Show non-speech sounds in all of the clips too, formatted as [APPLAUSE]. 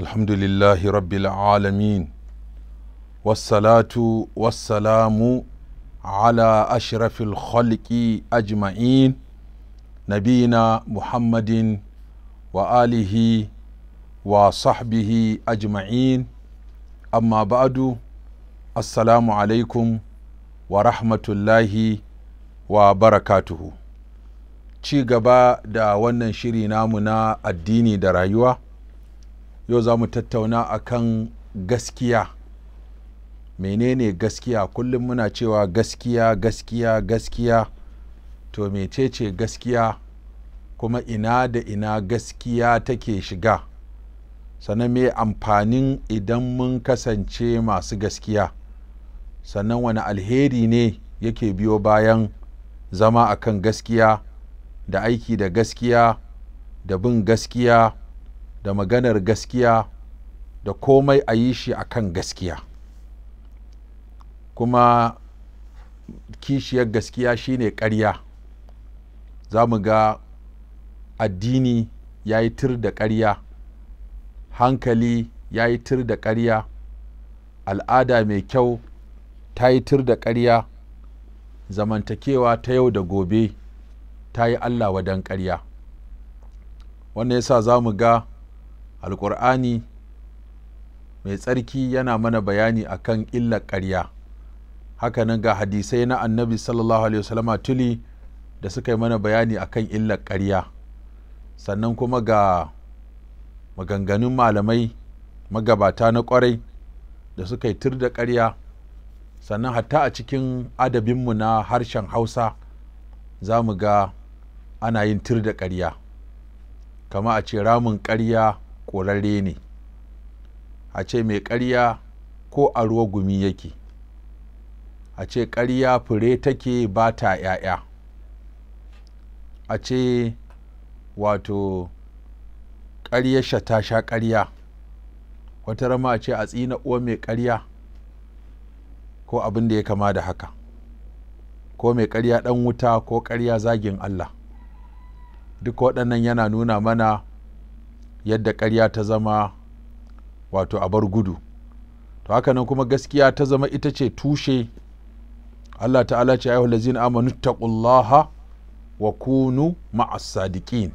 الحمد لله رب العالمين والصلاة والسلام على أشرف الخلق أجمعين نبينا محمد وآله وصحبه أجمعين أما بعد السلام عليكم ورحمة الله وبركاته ci gaba da wannan shiri namu na addini da rayuwa yau za mu tattauna a kan gaskiya menene gaskiya kullum muna cewa gaskiya gaskiya gaskiya to mecece gaskiya kuma ina da ina gaskiya take shiga sannan me amfanin idan mun kasance masu gaskiya sannan wani alheri ne yake biyo bayan zama akan gaskiya da aiki da gaskiya da bin gaskiya da maganar gaskiya da komai a yi shi a kan gaskiya kuma kishiyar gaskiya shine ƙarya za mu ga addini ya yi tir da ƙarya hankali ya yi tir da ƙarya al'ada mai kyau ta yi tir da ƙarya zamantakewa ta yau da gobe ta yi allah wadan ƙarya wannan yasa za mu ga alƙur'ani mai tsarki yana mana bayani akan illar ƙarya Haka hakanan ga hadisai na annabi sallallahu alaihi wasallam tuli da suka yi mana bayani akan illar ƙarya sannan kuma ga maganganun malamai magabata na ƙwarai da suka yi tur da ƙarya sannan hatta a cikin adabinmu na harshen hausa za mu ga ana yin tur da ƙarya kama a ce ramin ƙarya ƙorarre ne a ce mai ƙarya ko a ruwa gumi yake a ce ƙarya fure take ba ta ‘ya'ya a ce wato ƙaryarsa ta sha ƙarya wata rama a ce a tsina uwa mai ƙarya ko abin da ya kama da haka ko mai ƙarya ɗan wuta ko ƙarya zagin Allah duk waɗannan yana nuna mana yadda ƙarya ta zama wato a bar gudu to haka nan kuma gaskiya ta zama ita ce tushe Allah ta'ala ce ayyuhal ladzina amanu taqullaha wa kunu ma'as sadiqin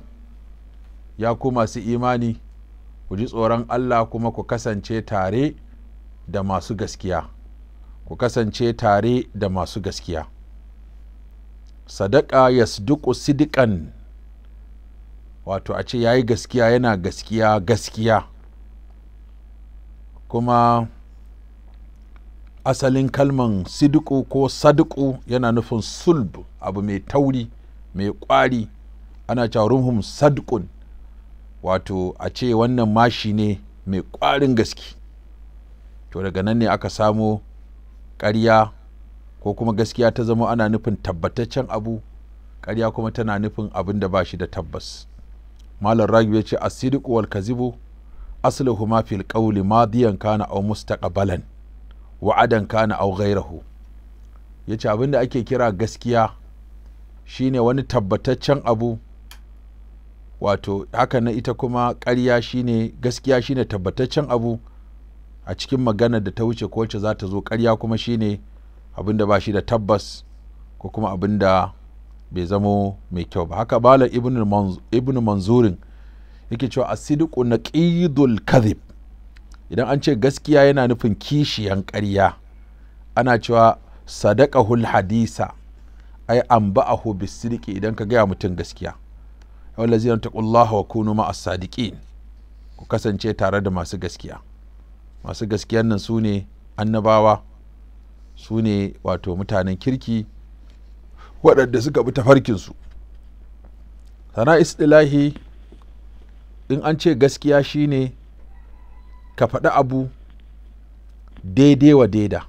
ya ku masu imani ku ji tsoron Allah kuma ku kasance tare da masu gaskiya ku kasance tare da masu gaskiya sadaka yasduqu sidqan wato a ce ya yi gaskiya yana gaskiya gaskiya kuma asalin kalman sidiku ko sadiku yana nufin sulb abu mai tauri mai kwari ana cewa ruhum sadikun wato a ce wannan mashi ne mai kwarin gaski to daga nan ne aka samo ƙarya ko kuma gaskiya ta zama ana nufin tabbataccen abu ƙarya kuma tana nufin abin da ba shi da tabbas malam ragu ya ce asidiku wal kazibu asluhu ma fil qawli madiyan kana aw mustaqbalan wa'adan kana aw ghayrahu yace abin da ake kira gaskiya shine wani tabbataccen abu wato haka na ita kuma ƙarya shine gaskiya shine tabbataccen abu a cikin maganar da ta wuce ko wacce za ta zo karya kuma shine abin da ba shi da tabbas ko kuma abin da bai zamo mai kyau ba haka bala ibn manzurin yake cewa asidiku na ƙidul kadhib idan an ce gaskiya yana nufin kishiyan ƙarya ana cewa sadaqahul hadisa ai anba'ahu bisidiki idan ka gaya mutum gaskiya wallazi an taqullaha wa kunu a sadiqin ku kasance tare da masu gaskiya masu gaskiyan nan sune ne annabawa su wato mutanen kirki waɗanda suka bi tafarkinsu sana istilahi in an ce gaskiya shine ka faɗi abu daidai wa daida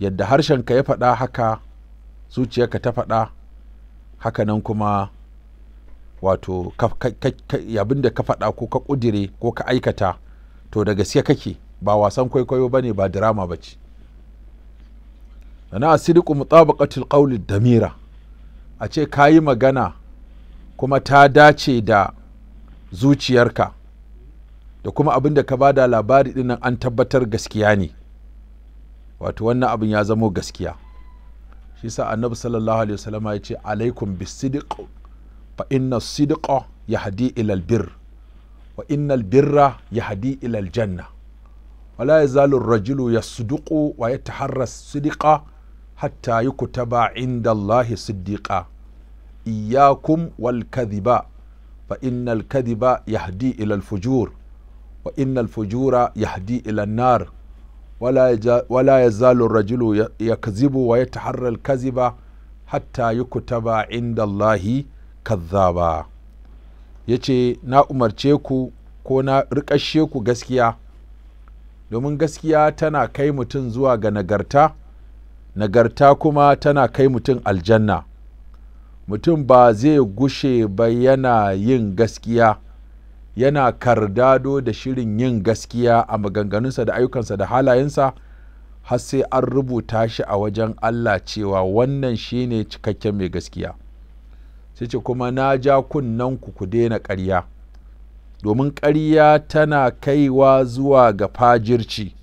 yadda harshenka ya faɗa haka zuciyarka ta faɗa haka nan kuma wato abin da ka faɗa ko ka ƙudire ko ka aikata to da gaske kake ba wasan kwaikwayo ba ne ba dirama ba ce da na asidiku mutabaqatil qawli damira a ce kayi magana kuma ta dace da zuciyarka da kuma abin da ka bada labari dinnan an tabbatar gaskiya ne wato wannan abin ya zamo gaskiya shi sa annabi sallallahu alaihi wasallama ya ce alaikum bisidiq fa inna sidqa yahdi ila albir wa inna birra yahdi ila aljanna wala yazalu ar-rajulu yasduqu wa yataharras as-sidqa hatta yi kutaba inda Allah siddiqa iyakum wal kadhiba fa innal kadhiba yahdi ila al fujur wa innal fujura yahdi ila an nar wala yazalu rajulu yakzibu wa yataharra al kadhiba hatta yukutaba inda Allah kadhaba yace na umarce ku ko na rikashe ku gaskiya domin gaskiya tana kai mutum zuwa ga nagarta nagarta kuma tana kai mutum aljanna mutum ba zai gushe ba yana yin gaskiya yana kardado da shirin yin gaskiya a maganganunsa da ayyukansa da halayensa har sai an rubuta shi a wajen Allah cewa wannan shine cikakken mai gaskiya sai ce kuma na ja kunnen ku ku daina ƙarya domin ƙarya tana kaiwa zuwa ga fajirci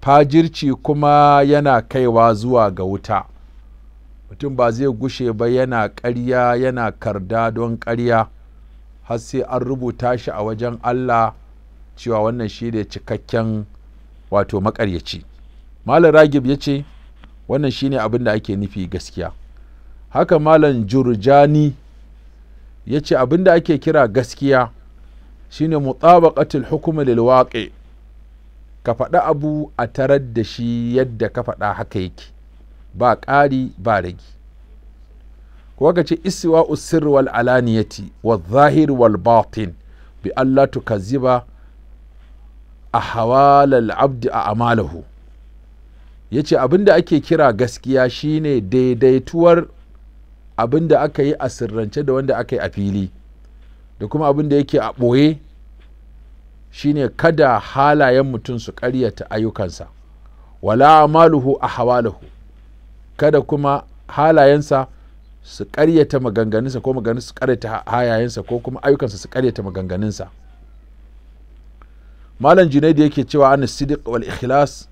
fajirci kuma yana kaiwa zuwa ga wuta mutum ba zai gushe ba yana karya yana karda don ƙarya har sai an rubuta shi a wajen allah cewa wannan shi ne cikakken wato makaryaci. malam ragib ya ce wannan ne abin da ake nufi gaskiya haka malam jurjani ya ce abin da ake kira gaskiya shine ne hukm hukumar lilwaƙe ka faɗi abu a tarar da shi yadda ka faɗa haka yake ba ƙari ba ragi kuwa ka ce isiwa usir wal alaniyati wa zahir wal batin bi Allah ziba a hawalal abdi a amalahu ya ce abinda ake kira gaskiya shine daidaituwar abinda aka yi a sirrance da wanda aka yi a fili da kuma abinda yake a ɓoye shine kada halayen mutum su ƙaryata ayyukansa wala amaluhu a hawalahu kada kuma halayensa su ƙaryata maganganinsa ko maganganun su ƙaryata hayayensa ko kuma ayyukansa su ƙaryata maganganinsa malam da yake cewa an sidiq wal ikhlas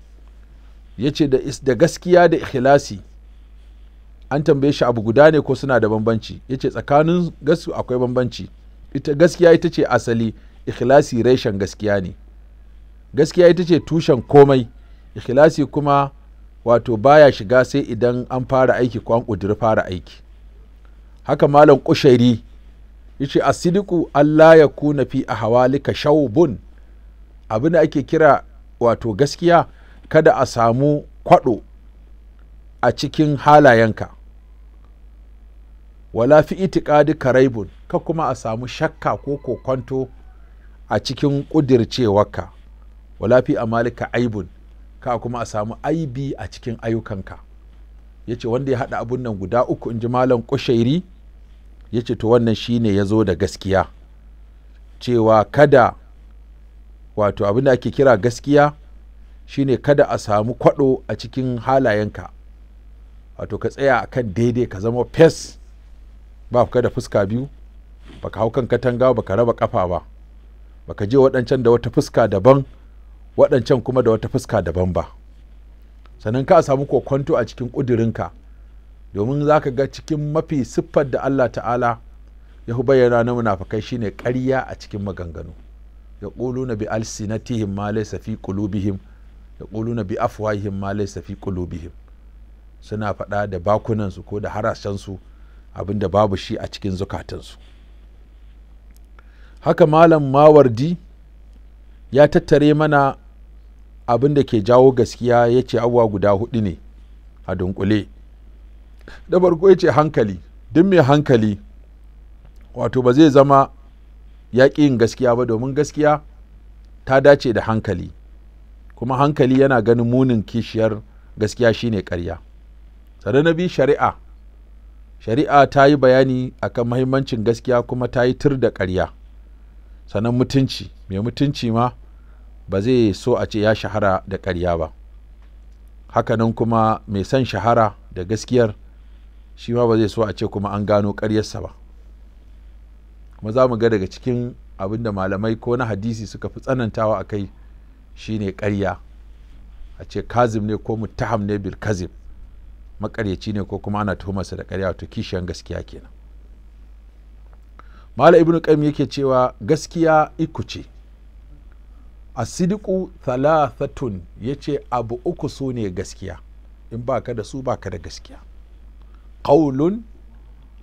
yace da da gaskiya da ikhlasi an tambaye shi abu guda ne ko suna da bambanci yace tsakanin gasu akwai bambanci ita gaskiya ita ce asali ikhlasi reshen gaskiya ne gaskiya ita ce tushen komai ikhlasi kuma wato baya shiga sai idan an fara aiki ko an ƙudiri fara aiki haka malam kushairi yace asidiku Allah ya kuna fi a hawalika shaubun abin da ake kira wato gaskiya kada a samu kwaɗo a cikin halayenka wala fi itikadi karaibun ka kuma a samu shakka ko kwanto a cikin ƙudircewarka wala fi amalika aibun ka kuma a samu aibi a cikin ayyukanka ya ce wanda ya haɗa abun nan guda uku in ji malam kushairi ya ce to wannan shine ya zo da gaskiya cewa kada wato abin da ake kira gaskiya shine kada a samu kwaɗo a cikin halayenka wato ka tsaya a kan daidai ka zama fes ba ka da fuska biyu baka hau kan katanga baka raba kafa ba baka je waɗancan da wata fuska daban waɗancan kuma da wata fuska daban ba sannan ka samu kokwanto a cikin ƙudurinka domin za ka ga cikin mafi siffar da Allah ta'ala ya fi bayyana na munafakai shine ƙarya a cikin maganganu ya ƙulu na bi alsinatihim ma laisa fi qulubihim ya na bi afwahihim ma laisa fi qulubihim suna faɗa da bakunansu ko da harashensu abinda babu shi a cikin zukatansu haka malam mawardi ya tattare mana abin da ke jawo gaskiya ya ce awa guda hudu ne a dunkule da farko ya ce hankali duk mai hankali wato ba zai zama yaƙi yin gaskiya ba domin gaskiya ta dace da hankali kuma hankali yana ganin munin kishiyar gaskiya shine ƙarya sannan na biyu shari'a shari'a ta yi bayani akan mahimmancin gaskiya kuma ta yi tur da karya. sannan mutunci mai mutunci ma ba zai so a ce ya shahara da ƙarya ba hakanan kuma mai son shahara da gaskiyar shi ma ba zai so a ce kuma an gano ƙaryarsa ba kuma za mu ga daga cikin abin da malamai ko na hadisi suka fi tsanantawa a kai shi ne ƙarya a ce kazim ne ko mutaham ne bil Maƙaryaci makaryaci ne ko kuma ana tuhumarsa da ƙarya to kishiyan gaskiya kenan mala ibn qayyim yake cewa gaskiya iku ce asidiku thalathatun ce abu uku su ne gaskiya in ba ka da su ba ka da gaskiya Ƙaulun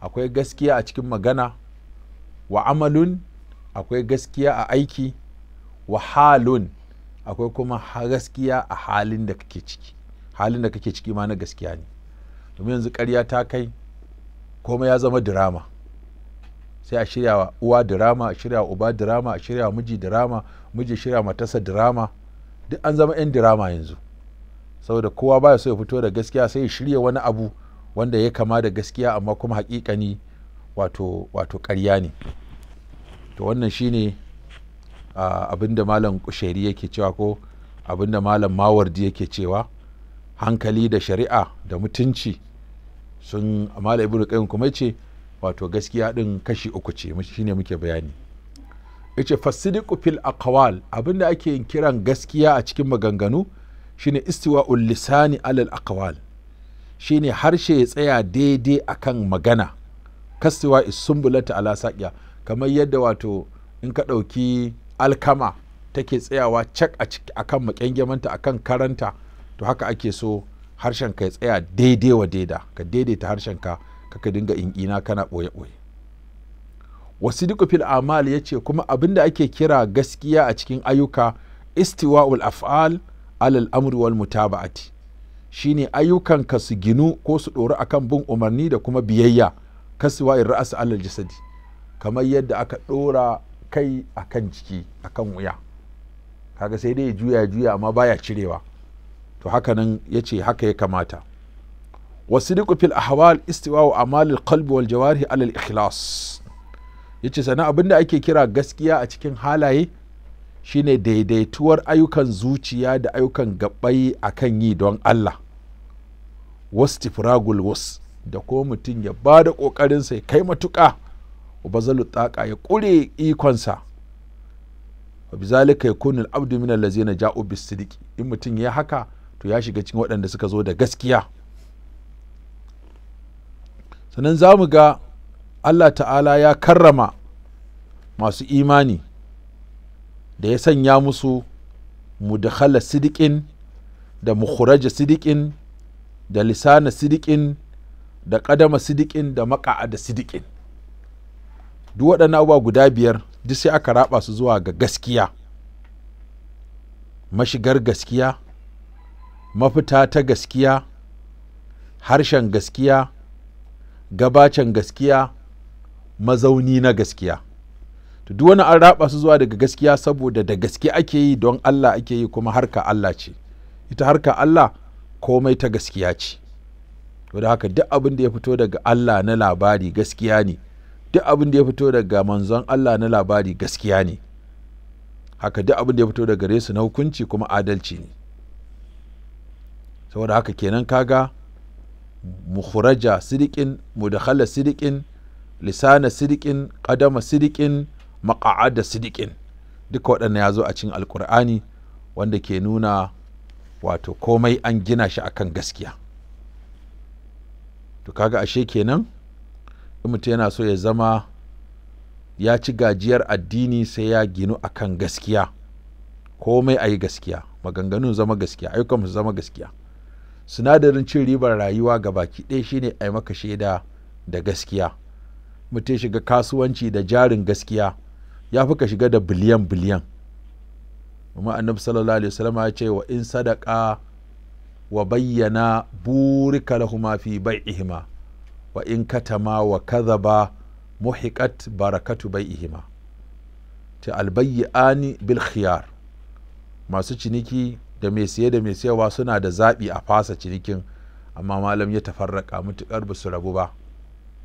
akwai gaskiya a cikin magana wa amalun akwai gaskiya a aiki wa halun akwai kuma gaskiya a halin da kake ciki halin da kake ciki ma na gaskiya ne domin yanzu karya ta kai kuma ya zama dirama sai a shirya wa uwa dirama a shirya wa uba dirama a shirya wa miji dirama miji shirya matasa dirama duk an zama 'yan dirama yanzu saboda kowa baya so ya fito da gaskiya sai ya shirya wani abu wanda ya kama da gaskiya amma kuma hakikani wato wato ƙarya ne to wannan shine abin da malam kusheri yake cewa ko abin da malam mawardi yake cewa hankali da shari'a da mutunci sun malam ibnu qayyim kuma ce wato gaskiya din kashi uku ce shine muke bayani yace fasidiku fil aqwal abinda ake yin kiran gaskiya a cikin maganganu shine istiwa'ul lisani alal aqwal shine harshe ya tsaya daidai akan magana kastiwa isumbulata ala saqiya kamar yadda wato in ka ɗauki alkama take tsayawa cak a akan makyangyamanta akan karanta to haka ake so harshen ka ya tsaya daidai wa daida ka daidaita harshen ka kaka dinga in'ina kana ɓoye ɓoye wasu duka fil amal ya ce kuma abin da ake kira gaskiya a cikin ayyuka istiwa'ul af'al alal amri wal mutaba'ati shine ayyukanka su ginu ko su ɗori akan bin umarni da kuma biyayya kasuwa in ra'asa alal jasadi kamar yadda aka ɗora kai akan jiki akan wuya kaga sai dai juya juya amma baya cirewa to hakanan ya ce haka ya kamata wasu fil ahwal istiwa'u wa amalil qalbi wal jawari alal ikhlas yace sana abinda ake kira gaskiya a cikin halaye shine daidaituwar ayyukan zuciya da ayyukan gabbai akan yi don Allah wastifragul was da kuma mutum ya ba da sa ya kai matuƙa ubazalu taƙa ya ƙure ikonsa wa bizalika yakun al-abdu min allazina ja'u bis sidiq in mutum ya haka to ya shiga cikin waɗanda suka zo da gaskiya sannan za mu ga allah ta'ala ya karrama masu imani da ya sanya musu mudakhala sidikin da mukhuraja sidikin da lisana sidikin da kadama sidikin da maka'a sidikin duk waɗannan abubuwa guda biyar duk sai aka raba su zuwa ga gaskiya mashigar gaskiya mafita ta gaskiya harshen gaskiya gabacin gaskiya mazauni na gaskiya to duk wani an raba su zuwa daga gaskiya saboda da gaske ake yi don Allah ake yi kuma harka Allah ce ita harka Allah komai ta gaskiya ce to da haka duk abin da ya fito daga Allah na labari gaskiya ne duk abin da ya fito daga manzon Allah na labari gaskiya ne haka duk abin da ya fito daga gare su na hukunci kuma adalci ne saboda haka kenan kaga mukhraja sidikin mudakhala sidikin lisana sidikin qadama sidikin maqa'ada sidikin duka waɗannan ya zo a cikin alkur'ani wanda ke nuna wato komai an gina shi akan gaskiya to kaga ashe kenan in mutum yana so ya zama ya ci gajiyar addini sai ya ginu akan gaskiya komai ayi gaskiya maganganun zama gaskiya ayyukan zama gaskiya sinadarin cin ribar rayuwa ga baki ɗaya shine a maka shaida da gaskiya mutum shiga kasuwanci da jarin gaskiya ya fi ka shiga da biliyan biliyan amma annabi sallallahu alaihi wasallam ya ce wa in sadaka wa bayyana burika lahuma fi bai'ihima wa in katama wa kadhaba muhiqat barakatu bai'ihima ta albayyani bil khiyar masu ciniki da mai siye da mai siyarwa suna da zaɓi a fasa cinikin amma malam ya tafarraka mutuƙar ba su rabu ba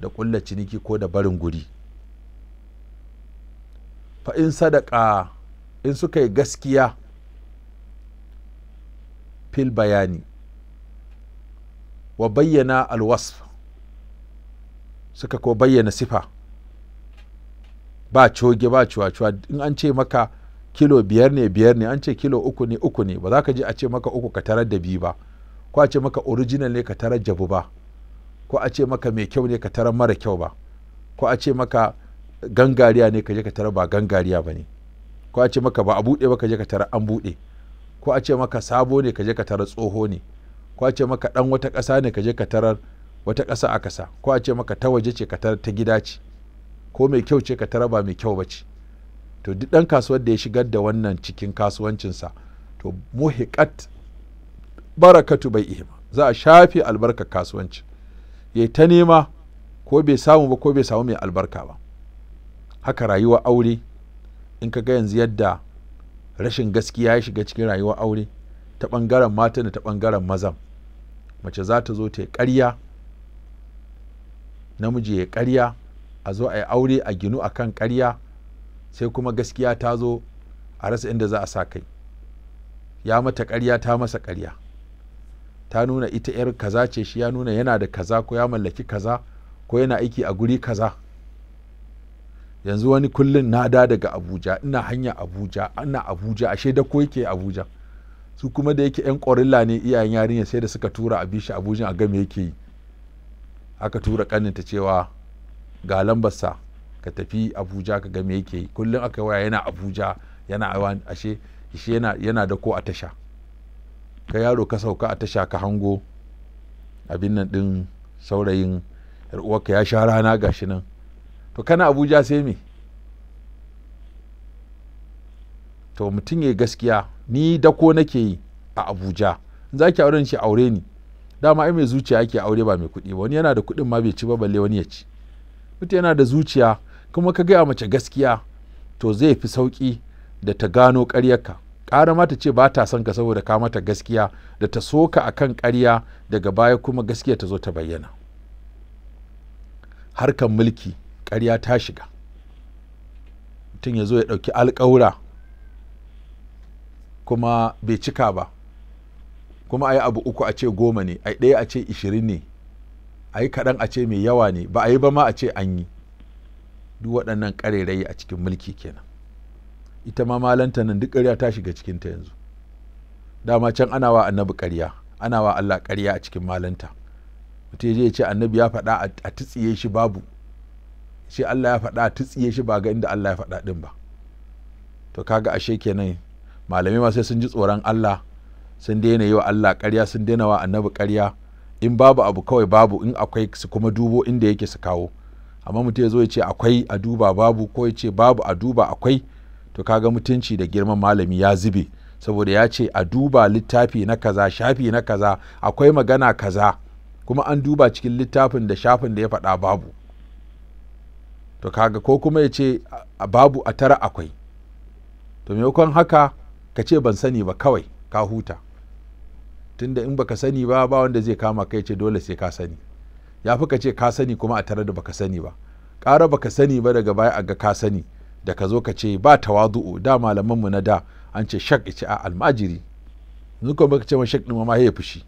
da ƙulla ciniki ko da barin guri fa in sadaka in suka yi gaskiya fil bayani wa bayyana alwasf suka ko bayyana sifa ba coge ba cuwa-cuwa in an ce maka kilo biyar ne biyar ne an ce kilo uku ne uku ne ba za ka je a ce maka uku ka tarar da biyu ba ko a ce maka original ne ka tarar jabu ba ko a ce maka mai kyau ne ka tarar mara kyau ba ko a ce maka gangariya ne ka je ka tarar ba gangariya ba ne ko a ce maka ba a buɗe ba ka je ka tarar an buɗe ko a ce maka sabo ne ka je ka tarar tsoho ne ko a ce maka ɗan wata ƙasa ne ka je ka tarar wata ƙasa a ƙasa ko a ce maka ta waje ce ka tarar ta gida ce ko mai kyau ce ka tarar ba mai kyau ba ce to duk ɗan kasuwar da ya shigar da wannan cikin kasuwancinsa to muhiƙat barakatu bai ihima za a shafe albarkar kasuwanci ya ta nema ko bai samu ba ko bai samu mai albarka ba haka rayuwar aure in ka ga yanzu yadda rashin gaskiya ya shiga cikin rayuwar aure ta ɓangaren mata da ta ɓangaren mazan mace za ta zo ta yi ƙarya namiji ya ƙarya a zo a yi aure a ginu a kan ƙarya sai kuma gaskiya ta zo a rasa inda za a sa kai ya mata karya ta masa karya. ta nuna ita 'yar kaza ce shi ya nuna yana da kaza ko ya mallaki kaza ko yana aiki a guri kaza yanzu wani kullum na da daga abuja ina hanya abuja ana abuja ashe da ko yake abuja su kuma da yake 'yan ƙorilla ne iyayen yarinya sai da suka tura a bishi abuja a game yake yi aka tura ƙaninta cewa ga lambarsa ka tafi abuja ka game yake yi kullum aka waya yana abuja yana ashe ishe yana da ko a tasha ka yaro ka sauka a tasha ka hango abin nan din saurayin uwarka ya sha rana gashi nan to kana abuja sai me to mutum ya gaskiya ni dako nake yi a abuja za ki auren shi aure ni dama ai mai zuciya yake aure ba mai kuɗi ba wani yana da kuɗin ma bai ci ba balle wani ya ci mutum yana da zuciya kuma ka gaya mace gaskiya to zai fi sauƙi da ta gano karyarka ƙara mata ce ba ta son ka saboda ka mata gaskiya da ta soka a kan ƙarya daga baya kuma gaskiya ta zo ta bayyana harkan mulki ƙarya ta shiga mutum ya zo ya ɗauki alƙawura kuma bai cika ba kuma a yi abu uku a ce goma ne a ɗaya a ce ishirin ne a yi kaɗan a ce mai yawa ne ba a yi ba ma a ce an yi duk waɗannan ƙarerayi a cikin mulki kenan ita ma malanta nan duk ƙarya ta shiga cikinta yanzu dama can ana wa annabi ƙarya ana wa Allah ƙarya a cikin malanta mutum ya je ce annabi ya faɗa a tutsiye shi babu shi Allah ya faɗa a tutsiye shi ba ga inda Allah ya faɗa ɗin ba to kaga ashe kenan malamai ma sai sun ji tsoron Allah sun daina yi wa Allah ƙarya sun daina wa annabi ƙarya in babu abu kawai babu in akwai su kuma dubo inda yake su kawo amma mutum ya zo ya ce akwai a duba babu ko ya ce babu a duba akwai to kaga mutunci da girman malami ya zube saboda ya ce a duba littafi na kaza shafi na kaza akwai magana kaza kuma an duba cikin littafin da shafin da ya faɗa babu to kaga ko kuma ya ce babu a tara akwai to maimakon haka ka ce ban sani ba kawai ka huta tunda in baka sani ba ba wanda zai kama kai ce dole sai ka sani ya fi ka ce ka sani kuma a tare da baka sani ba ƙara baka sani ba daga baya a ga ka sani da ka zo ka ce ba tawadu'u da malamanmu na da an ce shak ice a almajiri yanzu kuma baka ce ma shak ɗin ma ya fushi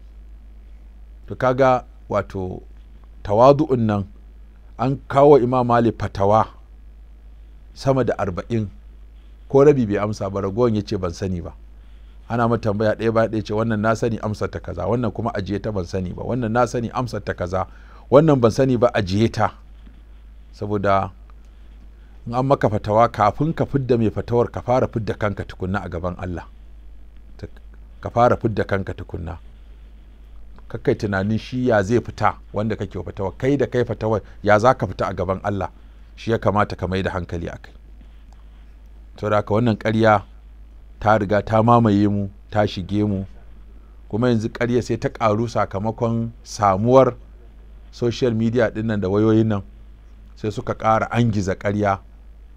to kaga wato tawadu'un nan an kawo imam mali fatawa sama da arba'in ko rabi bai amsa ba ragowar ya ce ban sani ba ana mata tambaya ɗaya ba ɗaya ce wannan na sani amsa ta kaza wannan kuma ajiye ta ban sani ba wannan na sani amsa ta kaza wannan ban sani ba ajiye ta saboda in an maka fatawa kafin ka fidda mai fatawar ka fara fidda kanka tukunna a gaban Allah ka fara fidda kanka tukunna kakai tunanin shi ya zai fita wanda kake fatawa kai da kai fatawar ya za ka fita a gaban Allah shi ya kamata ka mai da hankali a kai da ka wannan ƙarya ta riga ta mamaye mu ta shige mu kuma yanzu ƙarya sai ta ƙaru sakamakon samuwar social media din nan da wayoyin nan sai suka ƙara angiza ƙarya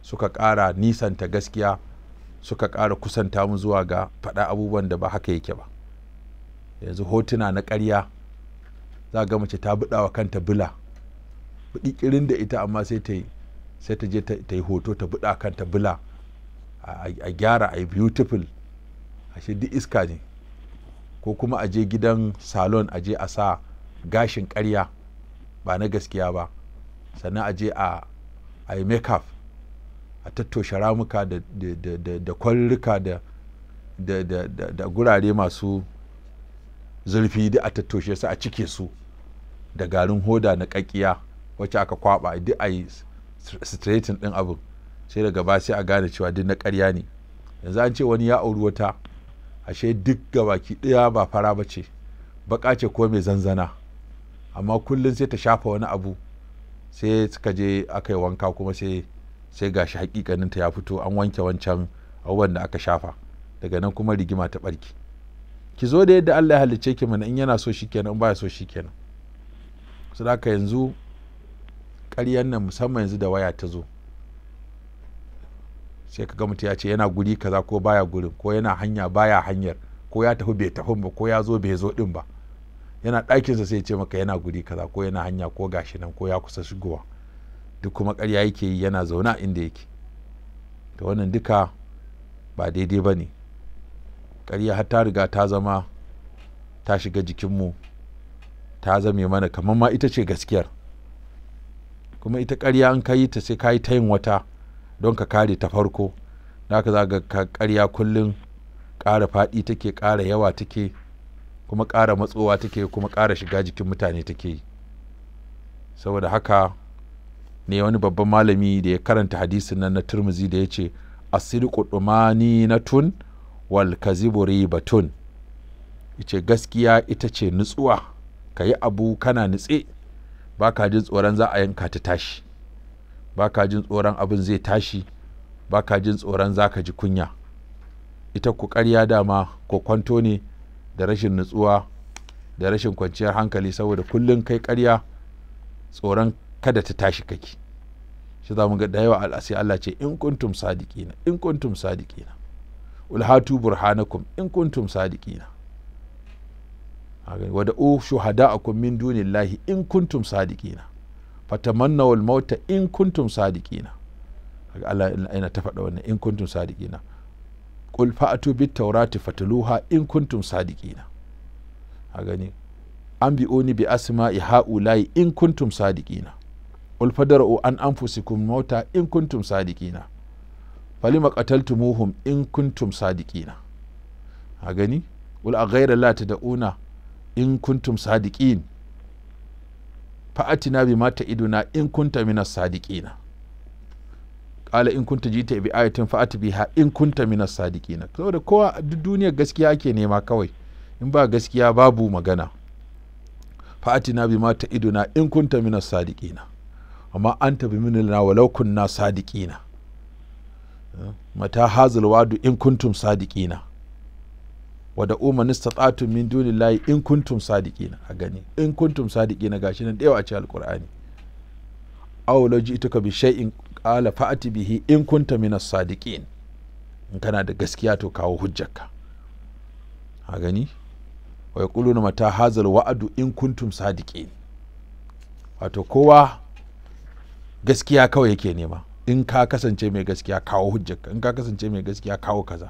suka ƙara nisanta gaskiya suka ƙara kusanta mu zuwa ga faɗa abubuwan da ba haka yake ba yanzu hotuna na ƙarya za ga mace ta buɗa wa kanta bula buɗi da ita amma sai ta sai ta je ta yi hoto ta buɗa kanta bula a gyara a yi beautiful ashe duk iska ne ko kuma a je gidan salon a je a sa gashin ƙarya ba na gaskiya ba sannan a je a yi make up a tattoshe ramuka da kwallurka da gurare masu zurfi duk a tattoshe su a cike su da garin hoda na ƙaƙiya wacce aka kwaba duk a yi straightin ɗin abu sai daga ba sai a gane cewa duk na karya ne yanzu an ce wani ya auri wata ashe duk gabaki ɗaya ba fara ba ce baƙa ce ko mai zanzana amma kullum sai ta shafa wani abu sai suka je aka yi wanka kuma sai sai gashi hakikanin ta ya fito an wanke wancan abubuwan da aka shafa daga nan kuma rigima ta barki ki zo da yadda Allah ya halicce ki mana in yana so shikenan in baya so shikenan su haka yanzu ƙaryan nan musamman yanzu da waya ta zo sai ka ga ya ce yana guri kaza ko baya gurin ko yana hanya baya hanyar ko ya tafi bai tafi ba ko ya zo bai zo din ba yana ɗakinsa sai ya ce maka yana guri kaza ko yana hanya ko gashi nan ko ya kusa shigowa duk kuma ƙarya yake yi yana zaune a inda yake to wannan duka ba daidai ba ne ƙarya har ta riga ta zama ta shiga jikinmu ta zame mana kamar ma ita ce gaskiyar kuma ita ƙarya an yi ta sai ka yi ta yin wata don ka kare ta farko da ka za ka ƙarya kullum ƙara faɗi take ƙara yawa take kuma ƙara matsowa take kuma ƙara shiga jikin mutane take yi saboda haka ne wani babban malami da ya karanta hadisin nan na turmuzi da ya ce asirku dumani na tun wal kazibu ribatun ce gaskiya ita ce nutsuwa ka yi abu kana nutse ba ka jin tsoron za a yanka ta tashi ba ka jin tsoron abin zai tashi ba ka jin tsoron za ka ji kunya ita ku ƙarya dama ko kwanto ne da rashin nutsuwa da rashin kwanciyar hankali saboda kullum kai karya tsoron kada ta tashi kake shi za mu ga da yawa al'asai Allah ce in kuntum sadiqina in kuntum sadiqina hatu burhanakum in kuntum sadiqina wa da'u shuhada'akum min dunillahi in kuntum sadiqina fatamannawul mauta in kuntum sadiqina Allah ina ta faɗa wannan in kuntum sadiqina qul fa'atu bit taurati fataluha in kuntum sadikina. a gani an bi oni bi asma'i ha'ulai in kuntum sadiqina qul fadara'u an anfusikum mauta in kuntum Fali falima qataltumuhum in kuntum sadikina. a gani qul a ghayra la tad'una in kuntum sadiqin fa'atina mata ta'iduna in kunta minas sadikina. kala in kunta jita bi ayatin fa biha in kunta minas sadiqina saboda kowa duk duniyar gaskiya ake nema kawai in ba gaskiya babu magana fa ma ta iduna in kunta minas sadiqina amma anta bi minna walau kunna sadiqina mata hazal wadu in kuntum sadiqina wada umarni stata'atun min dunillahi in kuntum sadiqina a gani in kuntum sadiqina gashi nan da yawa a cikin alqur'ani aw law ka bi shay'in kala fa'ati bihi in kunta minas sadiqin in kana da gaskiya to kawo hujjarka a gani wa yaquluna mata hazal wa'adu in kuntum sadiqin wato kowa gaskiya kawai yake nema in ka kasance mai gaskiya kawo hujjarka in ka kasance mai gaskiya kawo kaza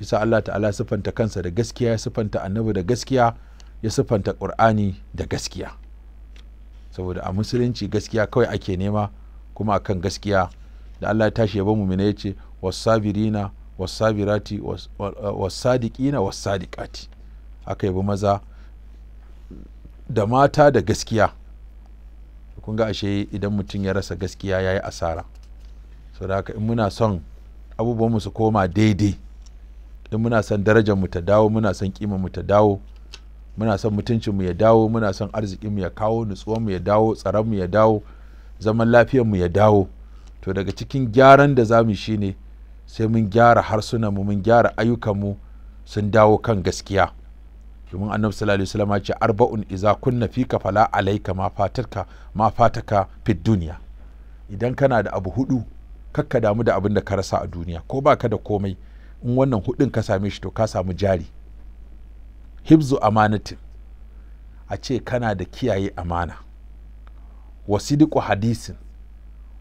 isa Allah ta'ala siffanta kansa da gaskiya ya siffanta annabi da gaskiya ya sifanta ƙur'ani da gaskiya saboda a musulunci gaskiya kawai ake nema kuma akan gaskiya da Allah ya tashi yaba mumina ya ce wasabirina wasabirati wasadiqina wasadiqati aka yabo maza da mata da gaskiya kun ga ashe idan mutum ya rasa gaskiya ya yi asara da haka in muna son abubuwanmu su koma daidai in muna son darajarmu ta dawo muna son mu ta dawo muna son mutuncinmu ya dawo muna son mu ya kawo mu ya dawo mu ya dawo zaman lafiyarmu ya dawo to daga cikin gyaran da zamu shi ne sai mun gyara harsunanmu mun gyara ayyukanmu sun dawo kan gaskiya domin annabi sallallahu alaihi wasallam ce arba'un iza kunna fika fala alaika ma fatarka ma fataka fid duniya idan kana da abu hudu kakka damu da abin da ka rasa a duniya ko baka da komai in wannan hudun ka same shi to ka samu jari hibzu amanatin a ce kana da kiyaye amana wasidiku hadisin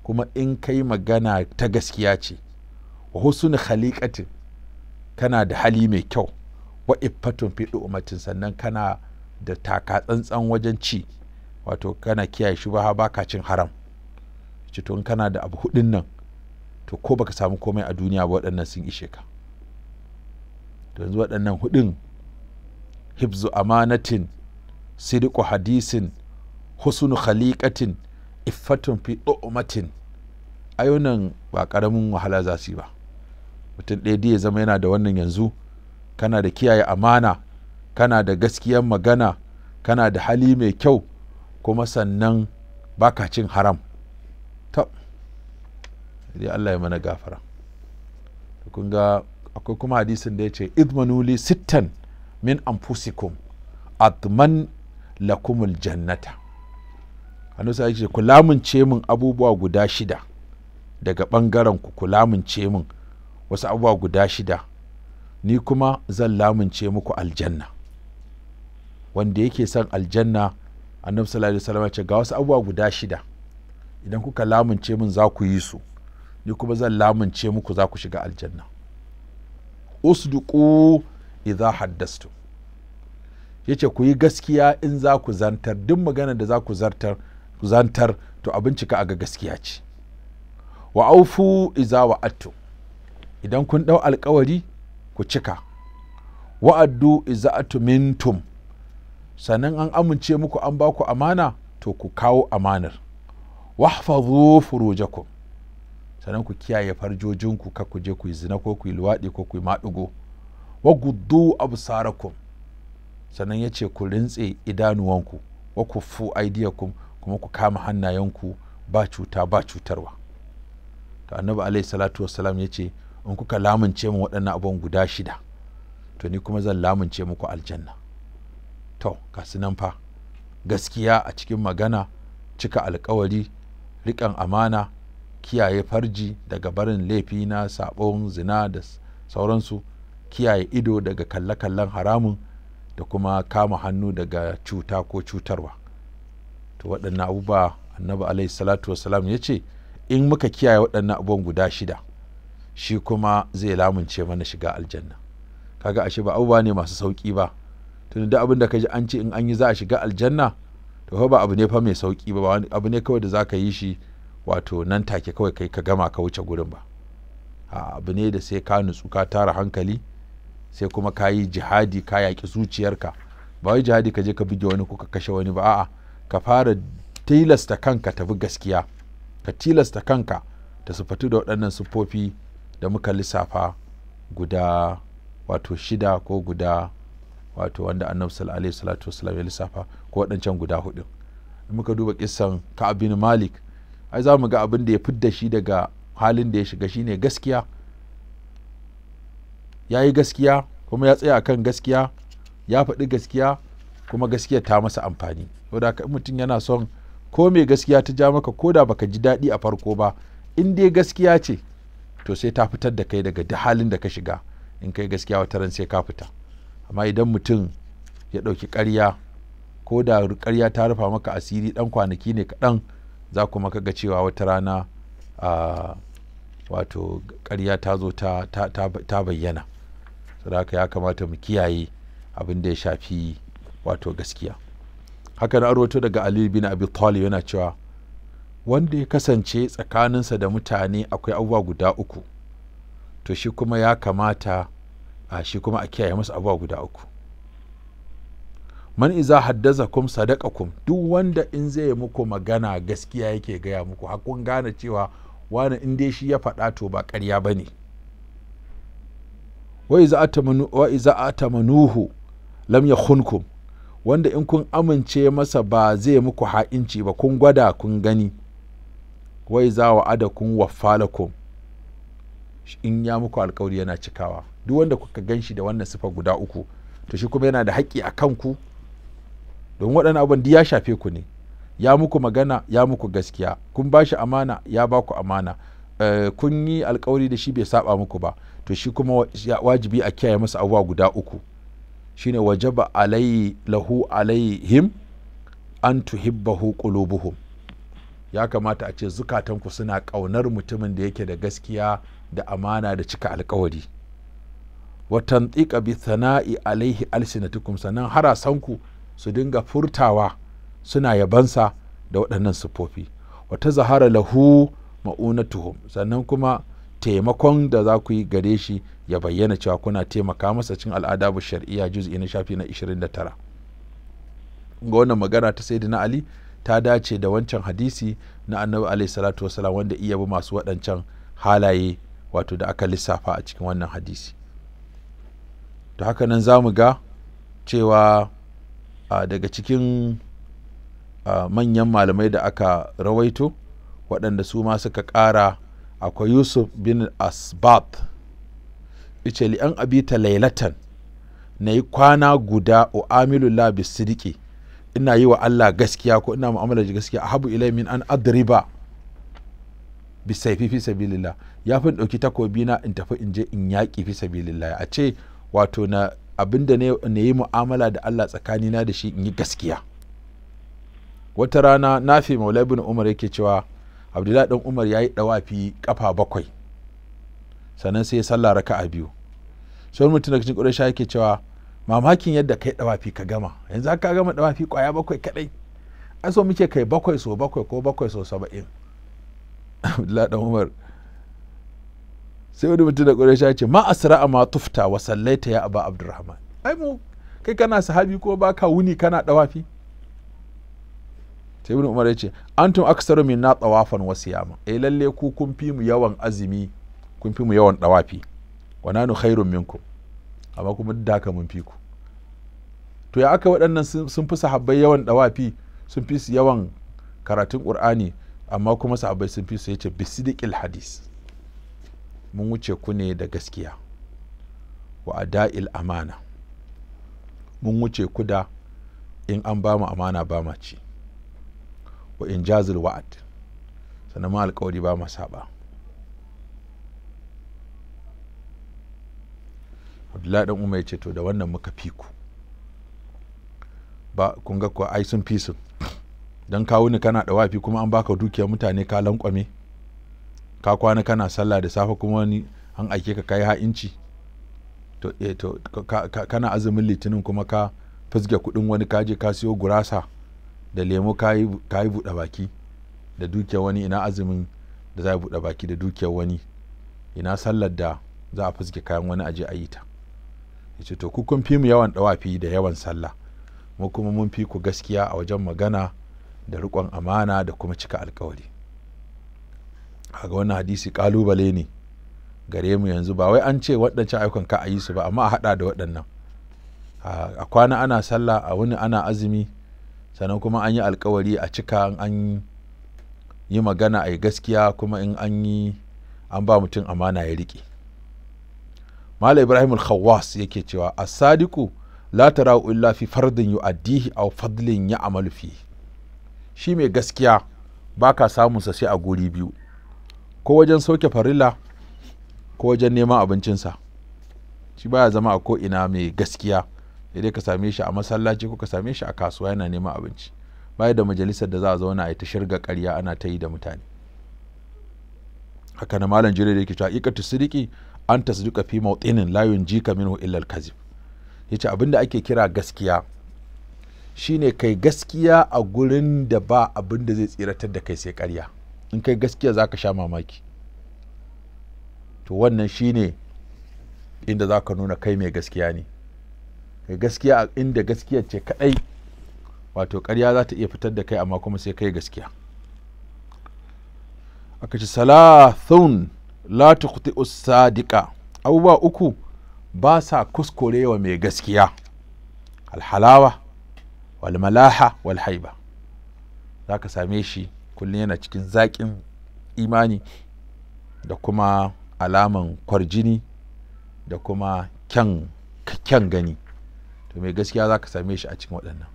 kuma in kai magana ta gaskiya ce wa husnul khaliqatin kana da hali mai kyau wa iffatun fi umatin sannan kana da taka tsantsan wajen ci wato kana kiyaye shi ba baka cin haram ce to in kana da abu hudun nan to ko baka samu komai a duniya ba waɗannan sun ishe ka to yanzu waɗannan hudun hibzu amanatin sidiku hadisin husnu khaliqatin iffatun fi du'matin ayunan ba karamin wahala za su yi ba mutum ɗaya ya zama yana da wannan yanzu kana da kiyaye amana kana da gaskiyar magana kana da hali mai kyau kuma sannan baka cin haram ta dai Allah ya mana gafara kun ga akwai kuma hadisin da ya ce idmanuli sittan min anfusikum atman lakumul jannata annabi ya ce ku lamunce min abubuwa guda shida daga bangaren ku ku lamunce min wasu abubuwa guda shida ni kuma zan lamunce muku aljanna wanda yake son aljanna annabi sallallahu alaihi wasallam ce ga wasu abubuwa guda shida idan kuka lamunce min za ku yi su ni kuma zan lamunce muku za ku shiga aljanna usduqu idza haddastu yace ku yi gaskiya in za ku zantar duk magana da za ku zartar zantar to a bincika a ga gaskiya ce wa aufu iza wa attu idan kun ɗau alkawari ku cika wa'addu iza mintum. sannan an amince muku an ba ku amana to ku kawo amanar hafazu furujakum sannan ku kiyaye farjojinku ka ku je ku yi zina ko ku yi luwaɗi ko ku yi maɗigo wa guddu absarakum sannan ya ce ku rintse idanuwanku wa kuffu aidiyakum kuma ku kama hannayenku ba cuta ba cutarwa to annabi alaihi salatu wassalam ya ce in kuka lamunce mu waɗannan abubuwan guda shida to ni kuma zan lamunce muku aljanna to kasu nan fa gaskiya a cikin magana cika alkawari riƙan amana kiyaye farji daga barin laifi na saɓon zina da sauransu kiyaye ido daga kalle-kallen haramun da kuma kama hannu daga cuta ko cutarwa to waɗannan abubuwa annabi alaihi salatu wasalam ya ce in muka kiyaye waɗannan abubuwan guda shida shi kuma zai lamunce mana shiga aljanna kaga ashe ba abubuwa ne masu sauƙi ba tun da abin da ka ji an ce in an yi za a shiga aljanna to ba abu ne fa mai sauƙi ba abu ne kawai da za ka yi shi wato nan take kawai kai ka gama ka wuce gurin ba abu ne da sai ka nutsu ka tara hankali sai kuma ka yi jihadi ka yaƙi zuciyarka ba wai jihadi ka je ka buge wani ko ka kashe wani ba a'a ka fara tilasta kanka tafi gaskiya ka tilasta kanka ta sufatu da waɗannan siffofi da muka lissafa guda wato shida ko guda wato wanda annabi alaihi salatu wasallam ya lissafa ko waɗancan guda hudu in muka duba kissan abin malik ai za mu ga abin da ya fidda shi daga halin da ya shiga shine gaskiya ya yi gaskiya kuma ya tsaya akan gaskiya ya faɗi gaskiya kuma gaskiya ta masa amfani saboda in mutum yana son ko mai gaskiya ta ja maka ko da baka ji daɗi a farko ba in dai gaskiya ce to sai ta fitar da kai daga halin da ka shiga in kai gaskiya wata ran sai ka fita amma idan mutum ya ɗauki ƙarya ko da ƙarya ta rufa maka asiri ɗan kwanaki ne kaɗan za kuma kaga ga cewa wata rana ah, wato ƙarya ta zo ta bayyana saboda ya kamata mu kiyaye abin da ya shafi wato gaskiya haka na rawaito daga ali bin abi talib yana cewa wanda ya kasance tsakaninsa da mutane akwai abubuwa guda uku to shi kuma ya kamata a shi kuma a kiyaye masa abubuwa guda uku man iza haddaza kum sadaka kum duk wanda in zai muku magana gaskiya yake gaya muku hakun gane cewa wani in dai shi ya faɗa to ba ƙarya ba ne wa iza atamanuhu lam hunkum? wanda in kun amince masa ba zai muku ha'inci ba kun gwada kun gani wai za wa ada wa wafalakum in ya muku alkawari yana cikawa duk wanda kuka gan shi da wannan sifa guda uku to shi kuma yana da haƙƙi a kanku don waɗannan abin ya shafe ku ne ya muku magana ya muku gaskiya kun ba shi amana ya ba ku amana eh, kun yi alkawari da shi bai saba muku ba to shi kuma wajibi a kiyaye masa abubuwa guda uku shine wajaba alai lahu alaihim an tuhibbahu qulubuhum ya kamata a ce zukatanku suna ƙaunar mutumin da yake da gaskiya da amana da cika alkawari watan tsika bi sana'i alaihi alsinatukum sannan harasanku su dinga furtawa suna yabansa da waɗannan siffofi wata zahara lahu ma'unatuhum sannan kuma taimakon da za ku yi gare shi ya bayyana cewa kuna taimaka masa cin al'ada bu shar'iyya juz'i na shafi na 29 ga wannan magana ta sayyidina ali ta dace da wancan hadisi na annabi alaihi salatu wasalam wanda iya bi masu waɗancan halaye wato da aka lissafa a cikin wannan hadisi to haka nan za mu ga cewa daga cikin manyan malamai da aka rawaito waɗanda su ma suka ƙara akwai yusuf bin asbat ice li an abita lailatan na yi kwana guda o amilu labi ina yi wa allah gaskiya ko ina mu'amala da gaskiya ahabu ilai min an adriba bi fi sabilillah ya fi ɗauki takobi na in tafi in je in yaƙi fi sabilillah a ce wato na abinda na yi mu'amala da allah tsakanina da shi in yi gaskiya wata rana nafi maulai bin umar yake cewa abdullahi dan umar ya yi dawafi kafa bakwai sannan sai ya sallah a biyu sai wani mutum daga cikin ƙudan yake cewa mamakin yadda kai dawafi ka gama yanzu ka gama dawafi kwaya bakwai kadai ai so muke kai bakwai so bakwai ko bakwai so saba'in [LAUGHS] abdullahi dan umar sai wani mutum da ƙudan ya ce ma a ma tufta wa sallaita ya aba abdurrahman ai mu kai kana sahabi ko baka wuni kana dawafi sai ibn umar ya ce antum aksaru min na tsawafan wasu yamma. eh lalle ku kun fi mu yawan azumi kun fi mu yawan dawafi wa nanu khairun minkum amma kuma duk haka mun fi ku to ya aka waɗannan sun fi sahabbai yawan dawafi sun fi su yawan karatun qur'ani amma kuma sahabbai sun fi su yace bisidiqil hadis mun wuce ku ne da gaskiya wa ada'il amana mun wuce ku da in an ba mu amana ba ma ci wa jazil wa'ad sannan ma alkawari ba ma ba abdullahi dan umar ya ce to da wannan muka fi ku ba kun ga ko ai sun fi su dan kawo ni kana da wafi kuma an baka dukiyar mutane ka lankwame ka kwana kana sallah da safe kuma wani an aike ka kai ha'inci to, eh, to kana azumin litinin kuma ka fizge kudin wani kaje ka siyo gurasa da lemo ka yi buɗe baki da dukiyar wani ina azumin da za a buɗe baki da dukiyar wani ina sallar da za a fuske kayan wani aje a yi ta ya ce to ku kun fi mu yawan ɗawafi da yawan sallah mu kuma mun fi ku gaskiya a wajen magana da riƙon amana da kuma cika alkawari a ga wannan hadisi ƙalubale ne gare mu yanzu ba wai an ce waɗancan ayyukan ka a yi su ba amma a haɗa da waɗannan a kwana ana sallah a wani ana azumi sannan kuma an yi alkawari a cika an yi magana a yi gaskiya kuma in an yi an ba mutum amana ya riƙe Malam Ibrahim al yake cewa as-sadiqu la tarau illa fi fardin yu'addihi aw fadlin ya'malu fi shi mai gaskiya baka samun sa sai a guri biyu ko wajen soke farilla ko wajen neman abincinsa shi baya zama a ko ina mai gaskiya sai dai ka same shi a masallaci ko ka same shi a kasuwa yana neman abinci baya da majalisar da za a zauna a ta shirga karya ana ta yi da mutane haka na malam jire da yake cewa ta sidiki an tasdiqa fi mawtinin layun ka minhu illa illar kazib yace abinda ake kira gaskiya shine kai gaskiya a gurin da ba abin da zai tsiratar da kai sai karya in kai gaskiya za ka sha mamaki to wannan shine inda za ka nuna kai mai gaskiya ne mai eh, gaskiya inda gaskiya ce kadai wato karya za ta iya fitar da kai amma kuma sai kai gaskiya aka ce salathun la tukhti usadika abubuwa uku ba sa wa mai gaskiya alhalawa walmalaha walhaiba za ka same shi kullum yana cikin zaƙin imani da kuma alaman kwarjini da kuma kyan gani to mai gaskiya za ka same shi a cikin waɗannan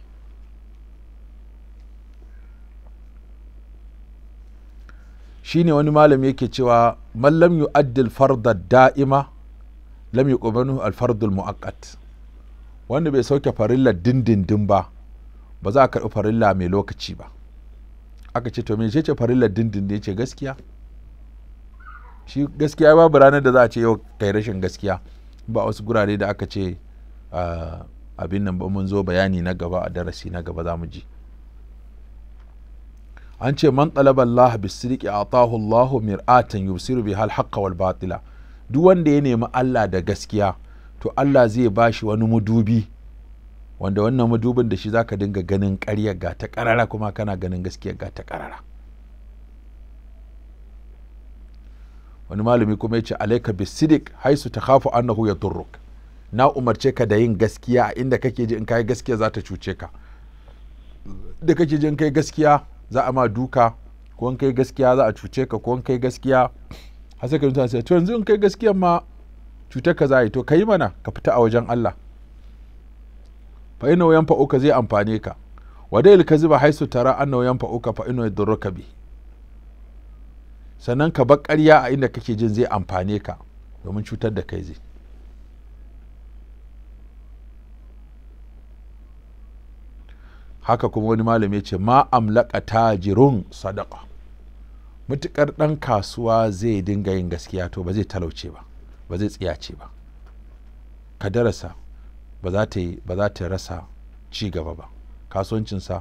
shi ne wani malam yake cewa mallam yu addil fardar da'ima lam yi ƙubanu alfardul mu'akkat wanda bai sauke farilla dindindin ba ba za a karɓi farilla mai lokaci ba aka ce to ce farilla dindindin ce gaskiya shi gaskiya babu ranar da za a ce yau kai rashin gaskiya ba wasu gurare da aka ce ah, abin nan ba mun zo bayani na gaba a darasi na gaba za mu ji an ce man talaba Allah bisiriki atahu Allah mir'atan yubsiru bi hal haqqa wal batila duk wanda ya nemi Allah da gaskiya to Allah zai ba shi wani mudubi wanda wannan mudubin da shi za ka dinga ganin ƙarya ga ta ƙarara kuma kana ganin gaskiya ga ta ƙarara wani malami kuma ya ce alaika bisidik haisu ta kafa annahu ya turruk na umarce ka da yin gaskiya a inda kake ji in kai gaskiya za ta cuce ka da kake ji in kai gaskiya za a ma duka ko in kai gaskiya za a cuce ka ko in kai gaskiya har sai ka mutane sai to yanzu in kai gaskiya ma cutar ka za yi to ka yi mana ka fita a wajen Allah fa ina wayan fa'uka zai amfane ka wadai ka zuba haisu tara anna wayan fa'uka fa ina yadurruka bi sannan ka bar ƙarya a inda kake jin zai amfane ka domin cutar da kai zai haka kuma wani malami ya ce ma amlaka tajirun sadaka mutukar ɗan kasuwa zai dinga yin gaskiya to ba zai talauce ba ba zai tsiyace ba ka darasa ba za ta ba za ta rasa ci gaba ba kasuwancinsa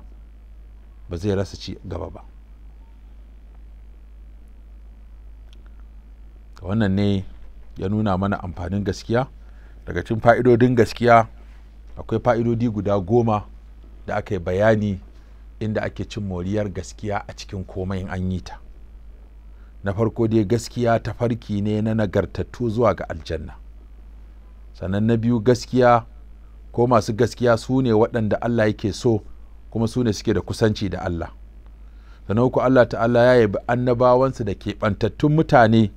ba zai rasa ci gaba ba wannan ne ya nuna mana amfanin gaskiya daga cikin fa'idodin gaskiya akwai fa'idodi guda goma da aka yi bayani inda ake cin moriyar gaskiya a cikin komai in an yi ta na farko dai gaskiya ta farki ne na nagartattu zuwa ga aljanna sannan na biyu gaskiya ko masu gaskiya su ne waɗanda Allah yake so kuma su ne suke da kusanci da Allah sannan uku Allah ta'ala ya yi annabawansu da keɓantattun mutane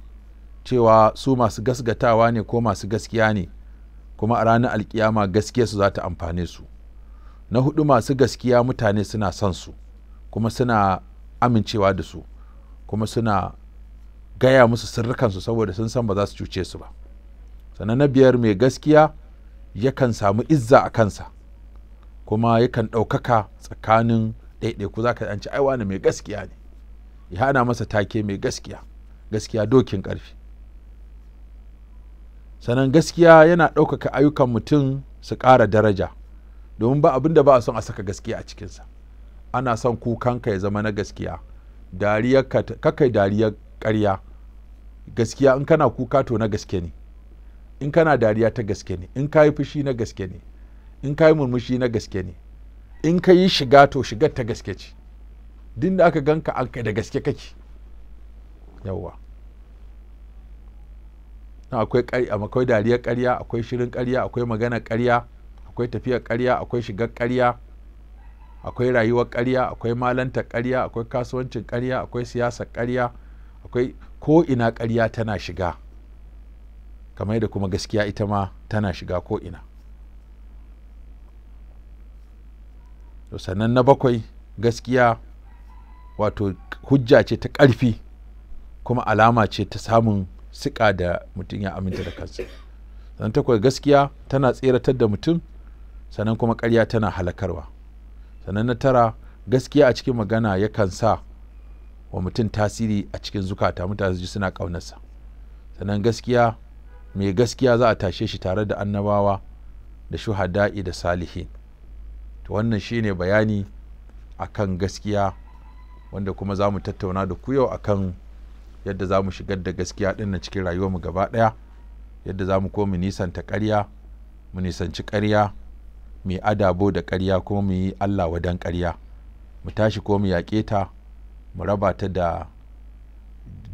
cewa su masu gasgatawa ne ko masu gaskiya ne kuma a ranar alkiyama gaskiyarsu za ta amfane su na hudu masu gaskiya mutane suna son su kuma suna amincewa da su kuma suna gaya musu sirrikansu saboda sun san ba za su cuce su ba sannan na biyar mai gaskiya yakan samu izza a kansa kuma yakan ɗaukaka tsakanin ɗaiɗaiku za ka ci aiwa mai gaskiya ne ya hana masa take mai gaskiya gaskiya dokin ƙarfi sannan gaskiya yana ɗaukaka ayyukan mutum su ƙara daraja domin ba abin da ba a son a saka gaskiya a cikinsa ana son kanka ya zama na gaskiya kakai dariyar ƙarya gaskiya in kana kuka to na gaske ne in kana dariya ta gaske ne in ka yi fushi na gaske ne in ka yi murmushi na gaske ne in ka yi shiga to shigar ta gaske ce din da aka ganka an kai da gaske kake yawwa akwai dariyar ƙarya akwai shirin ƙarya akwai magana ƙarya akwai tafiyar karya, akwai shigar karya, akwai rayuwar karya, akwai malanta karya, akwai kasuwancin karya, akwai siyasar karya, akwai ko ina ƙarya tana shiga kamar yadda kuma gaskiya ita ma tana shiga ko ina sannan na bakwai gaskiya wato hujja ce ta ƙarfi kuma alama ce ta samun siƙa da mutum ya aminta da kansa sannan takwai gaskiya tana tseratar da mutum sannan kuma karya tana halakarwa sannan na tara gaskiya a cikin magana yakan sa wa mutum tasiri a cikin zukata mutane su ji suna ƙaunarsa sannan gaskiya mai gaskiya za a tashe shi tare da annabawa da shuhada'i da salihin to wannan shine bayani akan gaskiya wanda kuma za mu tattauna da ku yau akan yadda za mu shigar da gaskiya ɗin na cikin rayuwarmu gaba ɗaya yadda za mu ko mu nisanta ƙarya mu nisanci ƙarya mu yi adabo da ƙarya kuma mu yi Allah wadan ƙarya mu tashi ko mu yaƙe ta mu raba ta da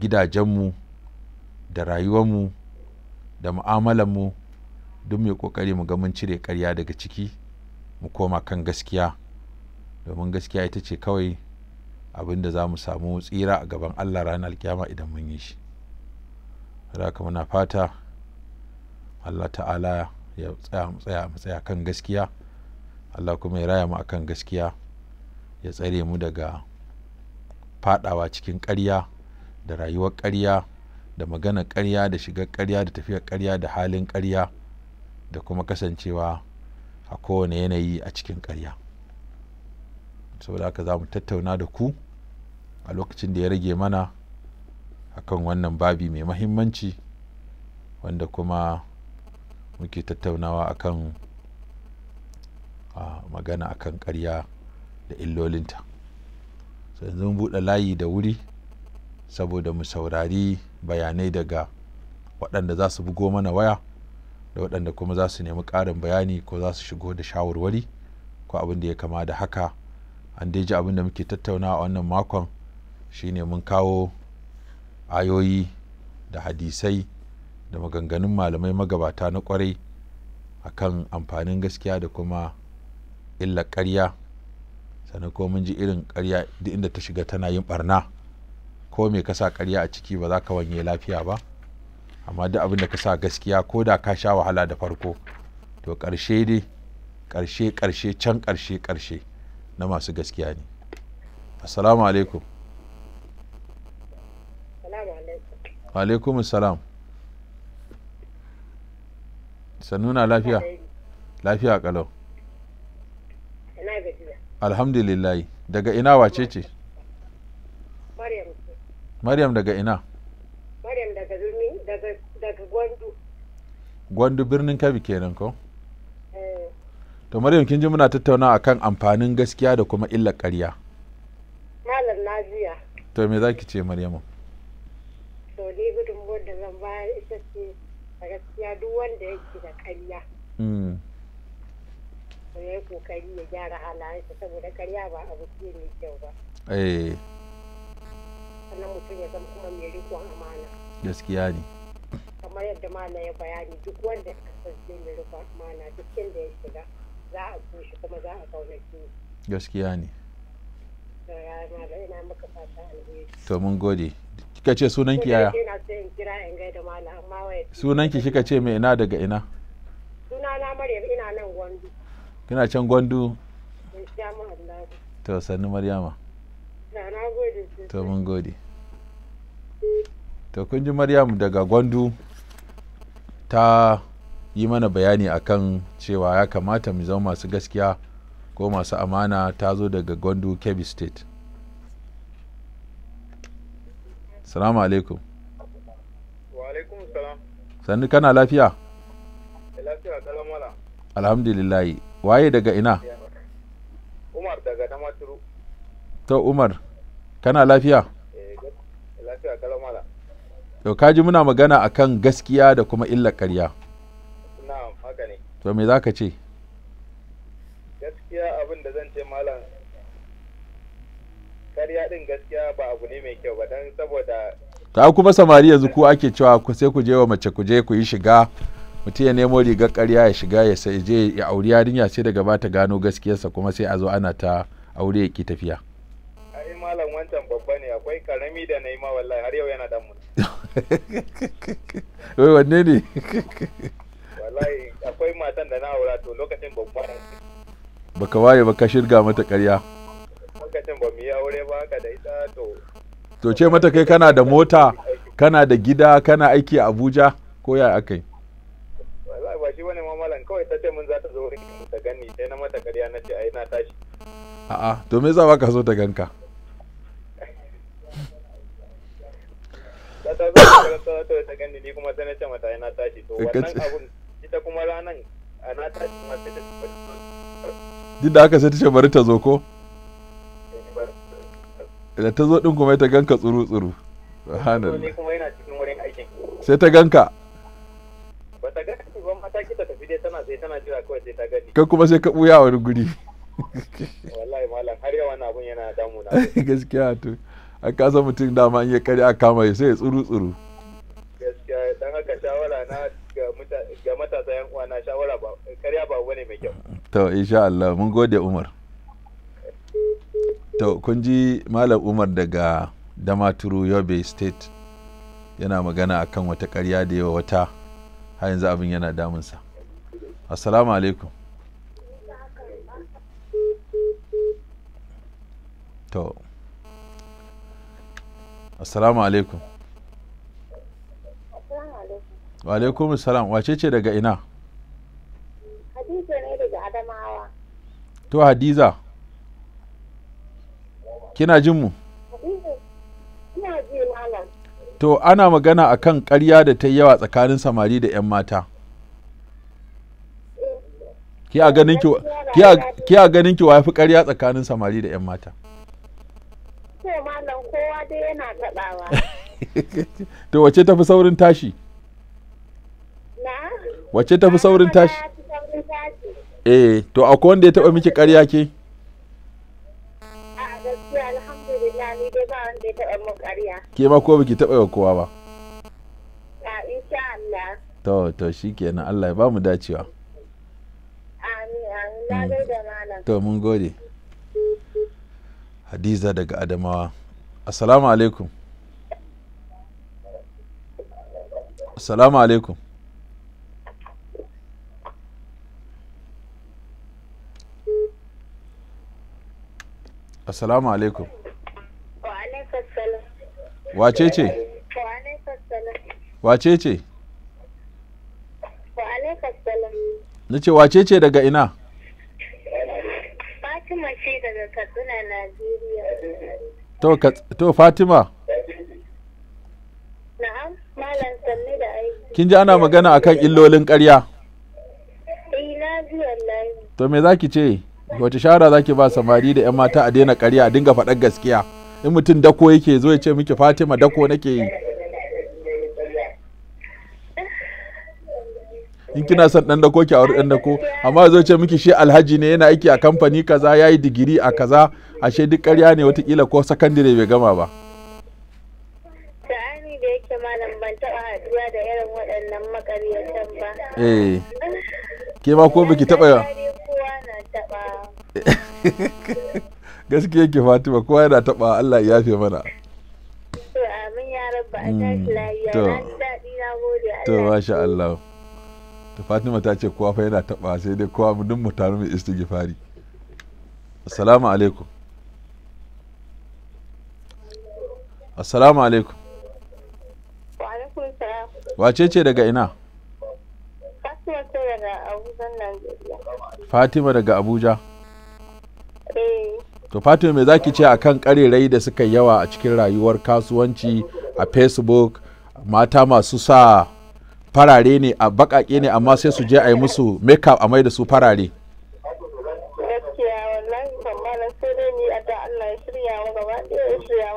gidajenmu da rayuwarmu da mu'amalarmu duk mu yi ƙoƙari mu ga mun cire ƙarya daga ciki mu koma kan gaskiya domin gaskiya ita ce kawai abin da za mu samu tsira a gaban Allah ranar alkiyama idan mun yi shi. Haka muna fata Allah ta'ala ya tsaya mu tsaya kan gaskiya. allah kuma ya raya mu akan gaskiya ya tsare mu daga fadawa cikin ƙarya da rayuwar ƙarya da maganar ƙarya da shigar ƙarya da tafiyar ƙarya da halin ƙarya da kuma kasancewa a kowane yanayi a cikin ƙarya saboda haka za mu tattauna da ku a lokacin da ya rage mana akan wannan babi mai mahimmanci wanda kuma muke tattaunawa akan a magana a kan karya da illolinta Sai yanzu mun buɗe layi da wuri saboda mu saurari bayanai daga waɗanda za su bugo mana waya da waɗanda kuma za su nemi ƙarin bayani ko za su shigo da shawarwari ko abin da ya kama da haka an dai ji abin da muke tattauna a wannan makon shine mun kawo ayoyi da hadisai da maganganun malamai magabata na kwarai akan amfanin gaskiya da kuma illa karya sannan ko mun ji irin ƙarya duk inda ta shiga tana yin barna ko me ka sa ƙarya a ciki ba za ka wanye lafiya ba amma duk abin da ka sa gaskiya ko da ka sha wahala da farko to ƙarshe dai ƙarshe ƙarshe can ƙarshe ƙarshe na masu gaskiya ne assalamu alaikum wa alaikum salam sannuna lafiya lafiya kalau alhamdulillah daga ina wace ce maryam maryam daga ina maryam daga birni daga daga gwandu gwandu birnin kabi kenan ko eh. to maryam kin ji muna tattauna akan amfanin gaskiya da kuma illar ƙarya malam najiya to me zaki ce maryamu to ni gudun da zan bayar ita ce gaskiya duk wanda yake da ƙarya mm. to ya yi kokari ya gyara halayensa saboda karya ba abu ce mai kyau ba eh. sannan mutum ya zama kuma mai rikon amana gaskiya ne kamar yadda mana ya bayani duk wanda ya kasance mai rikon amana duk da ya shiga za a so kuma za a kaunace gaskiya ne to mun gode kika ce sunanki yaya sunanki ki kika ce mai ina daga ina sunana maryam kina can gwandu to sannu maryama to mun gode to kun ji maryamu daga gwandu ta yi mana bayani akan cewa ya kamata mu zama masu gaskiya ko masu amana ta zo daga gwandu kebbi state salamu alaikum sannu kana lafiya lafiya alhamdulillahi waye daga ina umar daga damaturu to umar kana lafiya eh, lafiya kalamala to kaji muna magana akan gaskiya da kuma illar ƙarya na'am haka ne to me zaka ce gaskiya abin da zan ce malam ƙarya din gaskiya ba abu ne mai kyau ba don saboda ta kuma samari yanzu ku ake cewa ku sai ku je wa mace ku je ku yi shiga mutum ya nemo rigar ƙarya ya shiga ya sai je ya auri yarinya sai daga ba ta gano gaskiyarsa kuma sai a zo ana ta aure ya ki tafiya ai malam wancan babba ne akwai karami da naima wallahi har yau yana damu. [LAUGHS] wai wanne ne wallahi akwai matan da na aura to lokacin babba baka waye baka shirga mata ƙarya lokacin ba mu yi aure ba haka da ita to to ce mata kai kana da mota kana da gida kana aiki a Abuja ko ya akai shi wani mamalan kawai ta ce mun za ta zo wurin ta gani sai na mata ƙarya na ce ai na tashi a'a to me za ka zo ta ganka ta zo ta zo ta gani ni kuma sai na ce mata ai na tashi to wannan abun ita kuma ranan a na tashi kuma sai ta duk da haka sai ta ce bari ta zo ko da ta zo din kuma ta ganka tsuru tsuru subhanallah sai ta ganka ba ta gani ba mata kita tafi dai tana sai tana jira kawai sai ta gani kai kuma sai ka buya wani guri wallahi malam har yawa na abun yana damuna [LAUGHS] gaskiya to a kasa mutum dama in ya kare a kama ya sai ya tsuru tsuru gaskiya dan haka shawara na ga matasa yan uwa na shawara ba kariya ba wani mai kyau to insha Allah mun gode Umar to kun ji malam Umar daga Damaturu Yobe State yana magana akan wata karya da yawa wata har yanzu abin yana damunsa assalamu alaikum to assalamu alaikum wa alaikum salam wace ce daga ina hadiza ne daga adamawa to hadiza kina jin mu to ana magana a kan ƙarya da ta yi yawa tsakanin samari da 'yan mata ki a ganin ki wafi ƙarya tsakanin samari da 'yan mata [LAUGHS] to wace tafi saurin tashi wace tafi saurin tashi eh to akwai wanda ya taɓa miki ƙarya ke taɓa mun ƙarya ke ma ko biki taɓa kowa ba a insha Allah to to shikenan Allah ya ba mu dacewa amin amin na malam to mun gode Hadiza daga Adamawa Assalamu alaikum Assalamu alaikum Assalamu alaikum. wace ce wace ce na ce wace ce daga ina fatima ce daga katsina najeriya to fatima kin ji ana magana akan illolin karya. Eh, to me za ki ce wace shara za ki ba samari da 'yan mata a daina karya a dinga faɗar gaskiya in mutum dako yake zo ya ce miki fatima dako nake yi in kina son dan dako ki auri dan dako amma zo ce miki shi alhaji ne yana aiki a kamfani kaza yayi digiri a kaza ashe duk ƙarya ne watakila ko sakandire bai gama ba da yake malam ban taɓa da waɗannan ba eh. ke ma ko biki taɓa yawa [LAUGHS] gaskiya ke fatima kowa yana taba Allah ya fi mana to ya rabba mm, Allah to masha Allah ta fatima ta ce kowa fa yana taba sai dai kowa mu duk mu taru mu istighfari assalamu alaikum assalamu alaikum wace ce daga ina Fatima daga Abuja. to fatima me zaki ce a kan karerai da suka yawa a cikin rayuwar kasuwanci a facebook mata masu sa farare ne a bakake ne amma sai su je a yi musu makeup a mai da su farare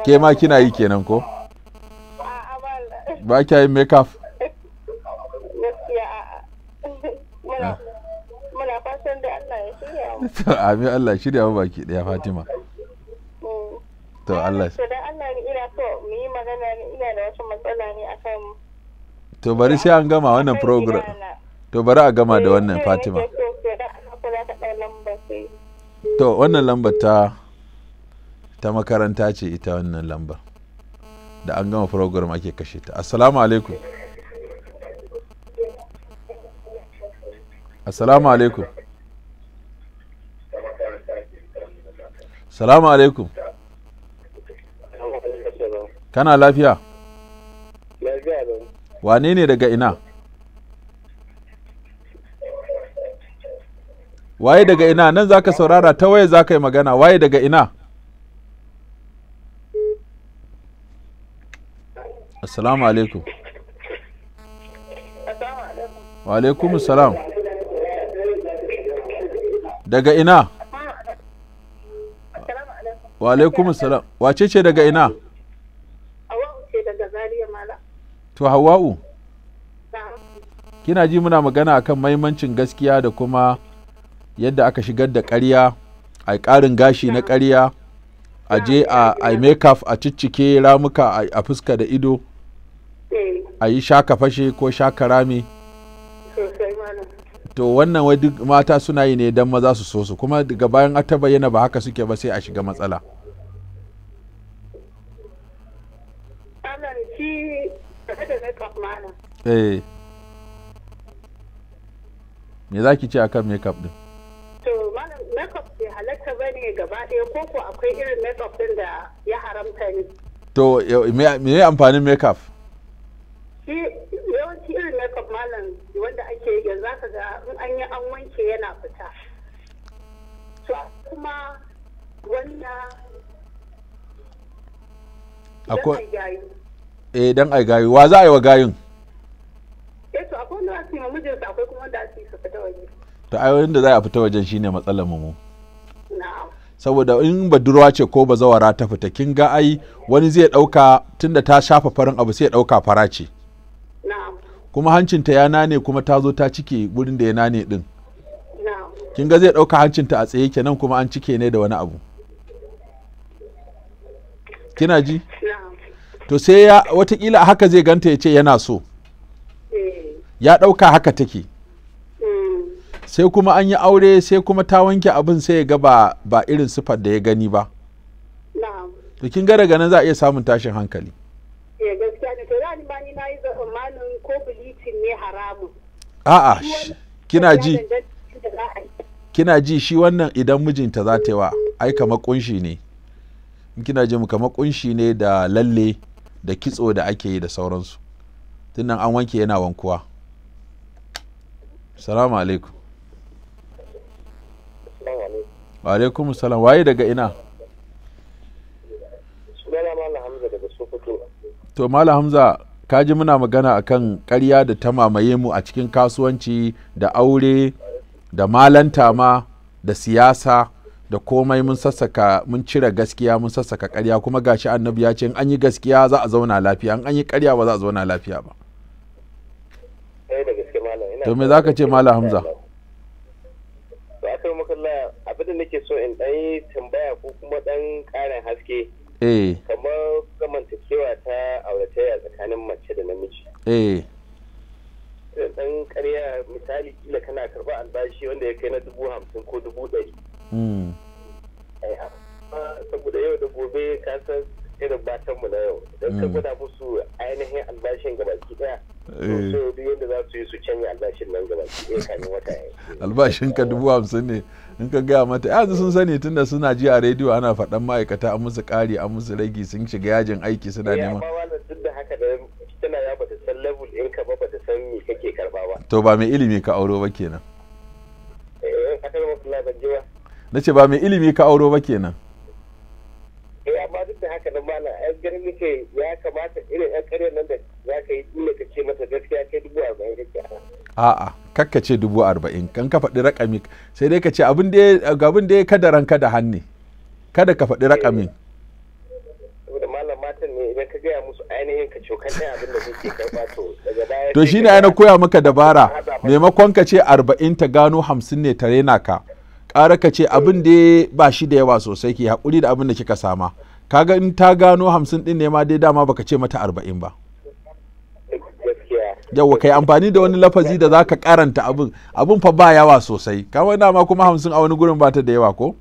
ke ma kina yi kenan ko ba kya yin makeup [LAUGHS] [LAUGHS] fatan da Allah ya shirya mu [LAUGHS] to amin Allah shirya mu baki daya Fatima to mm. Allah to dan Allah ne ina so mu yi magana ne ina da wasu matsala ne akan to bari sai an gama wannan program to bari a gama da eh, wannan Fatima to wannan lambar ta ta makaranta ce ita wannan lambar da an gama program ake kashe ta assalamu alaikum assalamu alaikum salamu alaikum kana lafiya wane ne daga ina waye daga ina nan zaka saurara ta waye zaka yi magana waye daga ina assalamu alaikum wa alaikum salam daga ina wa alaikum salam wace ce daga ina hawa'u ce daga zariya mala to hawa'u kina ji muna magana akan maimancin gaskiya da kuma yadda aka shigar da ƙarya a ƙarin gashi na ƙarya a je a make up a ciccike ramuka a fuska da ido eh. a yi shaka fashe ko shaka rami to wannan wai duk mata suna yi ne don maza su so su kuma daga bayan a ta bayyana ba haka suke ba sai a shiga matsala eh me za ki ce akan makeup din to malam makeup bai halatta ba ne gaba ɗaya ko ko akwai irin makeup din da ya haramta ne to eh, me amfanin makeup shi yawanci irin makeup malam wanda ake yanzu aka ga in an yi an wanke yana fita to kuma wanda akwai eh dan ai gayu wa za a yi wa gayun eh to akwai wanda su yi mijinsa akwai kuma wanda su yi su fita waje to ai wanda za a fita wajen shine matsalar mu saboda in badurwa ce ko bazawara ta fita kin ga ai wani zai dauka tunda ta shafa farin abu sai ya dauka fara ce kuma hancinta ya nane kuma ta zo ta cike gurin da ya nane din kin ga zai ɗauka hancinta a tsaye kenan kuma an cike ne da wani abu kina ji to sai ya watakila haka zai ganta ya ce yana so eh. ya ɗauka haka take hmm. sai kuma an yi aure sai kuma ta wanke abin sai ya ga ba, ba irin sifar da ya gani ba to kin ga daga nan za a iya samun tashin hankali eh, a'a kina ji kina ji shi wannan idan mijinta za ta yi wa ai kama kunshi ne kina ji mu kama kunshi ne da lalle da kitso da ake yi da sauransu tunan an wanke yana wankuwa salamu alaikum wa alaikum salam waye daga ina to malam hamza ka ji muna magana a kan karya da ta mamaye mu a cikin kasuwanci da aure da malanta ma da siyasa da komai mun sassaka mun cire gaskiya mun sassaka karya kuma gashi annabi ya ce an yi gaskiya za a zauna lafiya an an yi karya ba za a zauna lafiya ba eh, to me ka ce malam hamza to akai maka abin da nake so in dan tambaya ko kuma dan karin haske Eh. kamar zamantakewa ta auratayya tsakanin mace da namiji da eh. ɗan karya misali kila kana karba albashi wanda ya kai na dubu hamsin ko dubu ɗari hmm. saboda yau da gobe ka san irin batan mu na yau don ka hmm. gwada musu ainihin albashin gabaki daya eh. so duk yadda za su yi su canja albashin nan gabaki daya kamin wata albashin ka dubu hamsin ne in ka gaya mata yanzu sun sani tunda suna ji a rediyo ana faɗan ma'aikata an musu ƙari an musu ragi sun shiga yajin aiki suna eh, neman duk da haka da tana ya bata san level ɗinka ba bata san me kake karba ba to ba mai ilimi ka auro ba kenan eh akal wallahi ban ji ba ce ba mai ilimi ka auro ba kenan eh amma duk da haka nan mala ai garin nake ya kamata irin ɗan ƙaryar nan da za ka yi dole ka ce mata gaskiya kai dubu arba'in kake a'a kakka ce dubu arba'in kan ka faɗi rakami sai dai ka ce abin da ya kada ranka da hannu kada ka faɗi rakamin To shi ne aina ainihin koya maka dabara maimakon ka ce arba'in ta gano hamsin ne ta rena ka ƙara ka ce abin da ba shi da yawa sosai ke haƙuri da abin da kika sama kaga in ta gano hamsin ɗin ne ma dai dama baka ce mata arba'in ba yawa kai amfani da wani lafazi da zaka karanta abin abin fa ba yawa sosai kawai dama kuma hamsin a wani gurin bata da yawa ko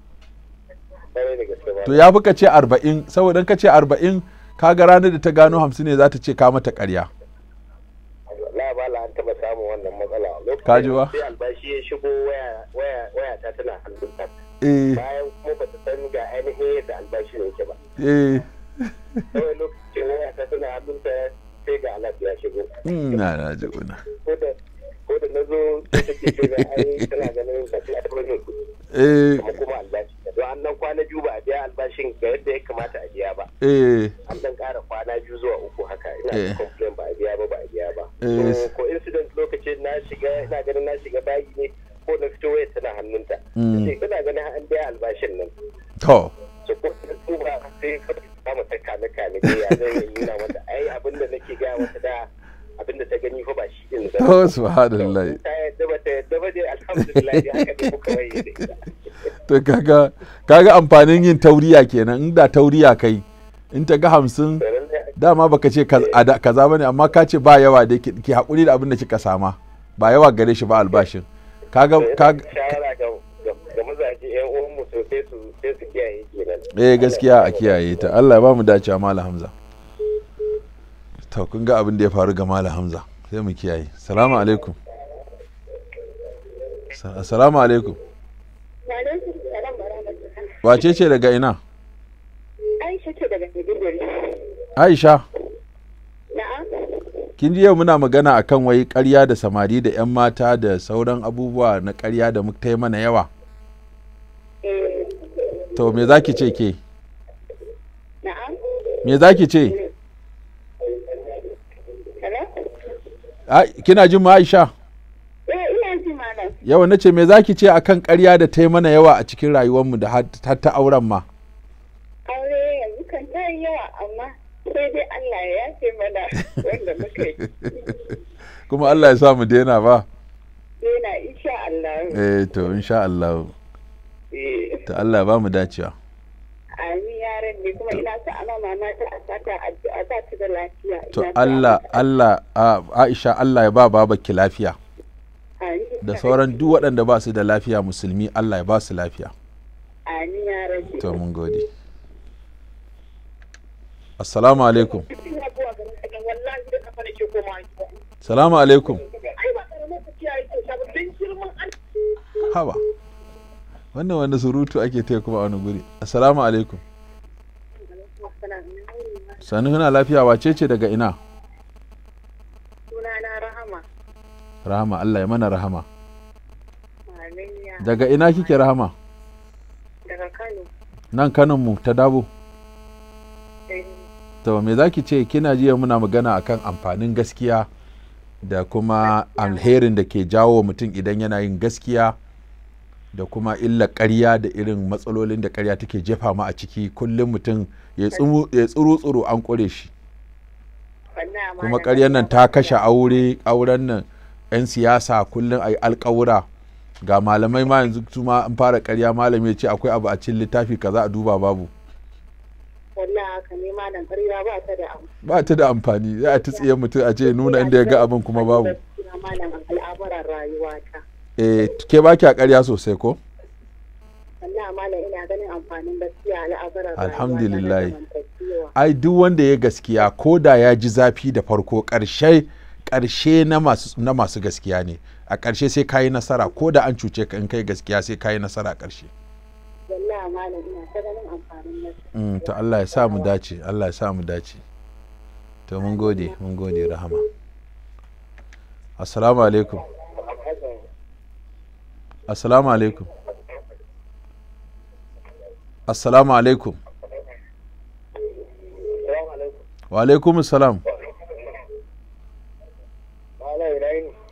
to ya fi ka ce arba'in saboda ka ce arba'in kaga ranar da ta gano hamsin ne za ta ce ka mata karya. bala an taba samun wannan matsala lokacin da sai albashi ya shigo waya ta tana eh. hannunta bayan kuma ba ta san ga ainihin yadda albashi ne yake ba eh lokacin waya ta tana hannunta sai ga alat ya shigo mm, na na ji kuna ko da na zo ta ai tana ganin a eh kuma albashi kwana biyu ba a biya albashin ga yadda ya kamata a biya ba eh an ƙara kwana biyu zuwa uku haka ina eh. complain ba a biya ba ba a biya ba ko eh. incident lokacin na shiga ina ganin na shiga bayi ne ko na fito waya tana hannunta mm. ganin an biya albashin nan to ko ba sai ba mu ta kame kame da ya zai yi nuna mata ai abin da nake gaya wata da abin da ta gani fa ba shi ne da oh subhanallah ta yadda ba ta yadda ba dai alhamdulillah haka ne muka bai [LAUGHS] to kaga kaga amfanin yin tauriya kenan in da tauriya kai in ta ga hamsin dama baka ce kaza ba ne amma ka ce ba yawa da ki haƙuri da abin da kika sama ba yawa gare shi ba albashin kaga kaga yan uwanmu su sai su kiyaye kenan eh gaskiya a kiyaye ta Allah ba mu dace Malam hamza to kun ga abin da ya faru ga Malam hamza sai mu kiyaye salamu alaikum assalamu alaikum wace ce daga ina aisha ce daga maiduguri aisha kin ji yau muna magana akan wai karya da samari da 'yan mata da sauran abubuwa na karya da muka mana yawa to me za ki ce ke me za ki ce kina jin ma'aisha eh, yawa na ce me za ki ce a kan karya da ta yi mana yawa a cikin rayuwarmu da har ta auren ma aure yanzu kan ta yi yawa amma sai dai Allah ya yafe mana wanda muka yi [LAUGHS] kuma Allah ya sa mu daina ba daina insha Allah eh to insha Allah eh ta Allah ba mu dacewa to Allah Allah Aisha Allah ya ba babaki lafiya da sauran duk waɗanda ba su da lafiya musulmi Allah ya ba su lafiya to mun gode assalamu alaikum salamu alaikum Hawa. wannan wani surutu ake taya kuma a wani guri assalamu alaikum sani huna lafiya wace ce daga ina sunana rahama rahama allah ya mana rahama daga ina kike rahama daga kano nan kanon mu ta dabo eh. to me za ki ce kina jiya muna magana akan amfanin gaskiya da kuma alherin da ke jawo mutum idan yana yin gaskiya da kuma illa karya da irin matsalolin da karya take jefa ma a ciki kullum mutum ya tsuru-tsuru an kure shi kuma ƙaryar nan ta kashe aure auren nan 'yan siyasa kullum a yi alƙawura ga malamai ma yanzu su ma an fara ƙarya malami ce akwai abu a cin littafi kaza a duba babu ba ta da amfani za a ta tsaye mutum a ce nuna inda ya ga abin kuma babu eh ke ba ki a ƙarya sosai ko alhamdulillah ai duk wanda ya gaskiya ko da ya ji zafi da farko ƙarshe ƙarshe na masu gaskiya ne a ƙarshe sai kayi nasara ko da an cuce ka in kai gaskiya sai kayi nasara a ƙarshe mm, to Allah ya sa mu dace Allah ya samu dace to mun gode mun gode rahama assalamu alaikum assalamu alaikum assalamu alaikum wa alaikum salam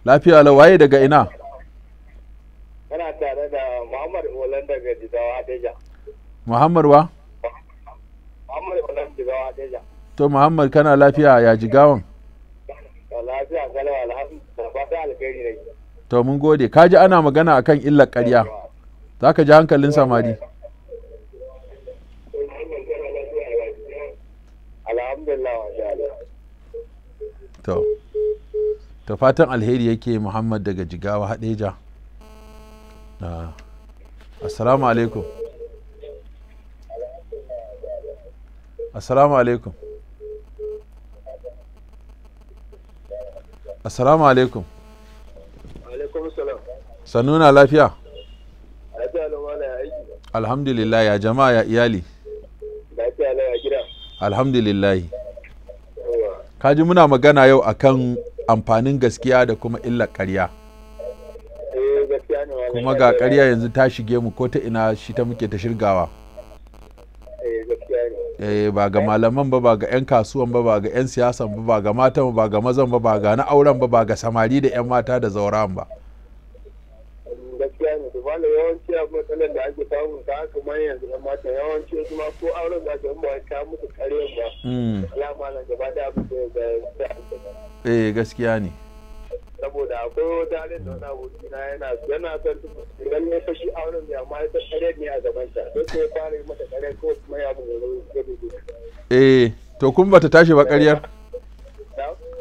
lafiya lau waye daga ina kana tare da muhammad olan daga jigawa adeja muhammad wa muhammad olan jigawa adeja to muhammad kana lafiya ya jigawan lafiya kalau alhamdulillah ba ta alkhairi ne to mun gode ka ji ana magana akan illar ƙarya za ka ji hankalin samari to ta fatan alheri yake muhammad daga jigawa hadeja ah, assalamu alaikum assalamu alaikum assalamu alaikum sannu lafiya alhamdulillah ya jama'a ya iyali alhamdulillah kaji muna magana yau akan amfanin gaskiya da kuma illa ƙarya eh, kuma ga ƙarya yanzu ta shige mu ko ta ina shi ta muke ta shirgawa eh, eh ba ga malaman ba ba ga 'yan kasuwan ba ba ga 'yan siyasan ba ba ga matan ba ga mazan ba ba ga na auren ba ba ga samari da 'yan mata da zauren ba wanda yawanci a matsalar da ake samun ta haka man yanzu da mata yawanci wasu ma ko auren da aka ba ka musu karyar ba mm. alama na gaba da abu da ya da eh gaskiya ne saboda akwai wata halin da wani aboki na yana yana son idan ya fashi auren ya ma ya karyar ne a gaban ta sai ya fara yi mata karyar ko kuma ya mu gaba da eh to kun bata tashi ba karyar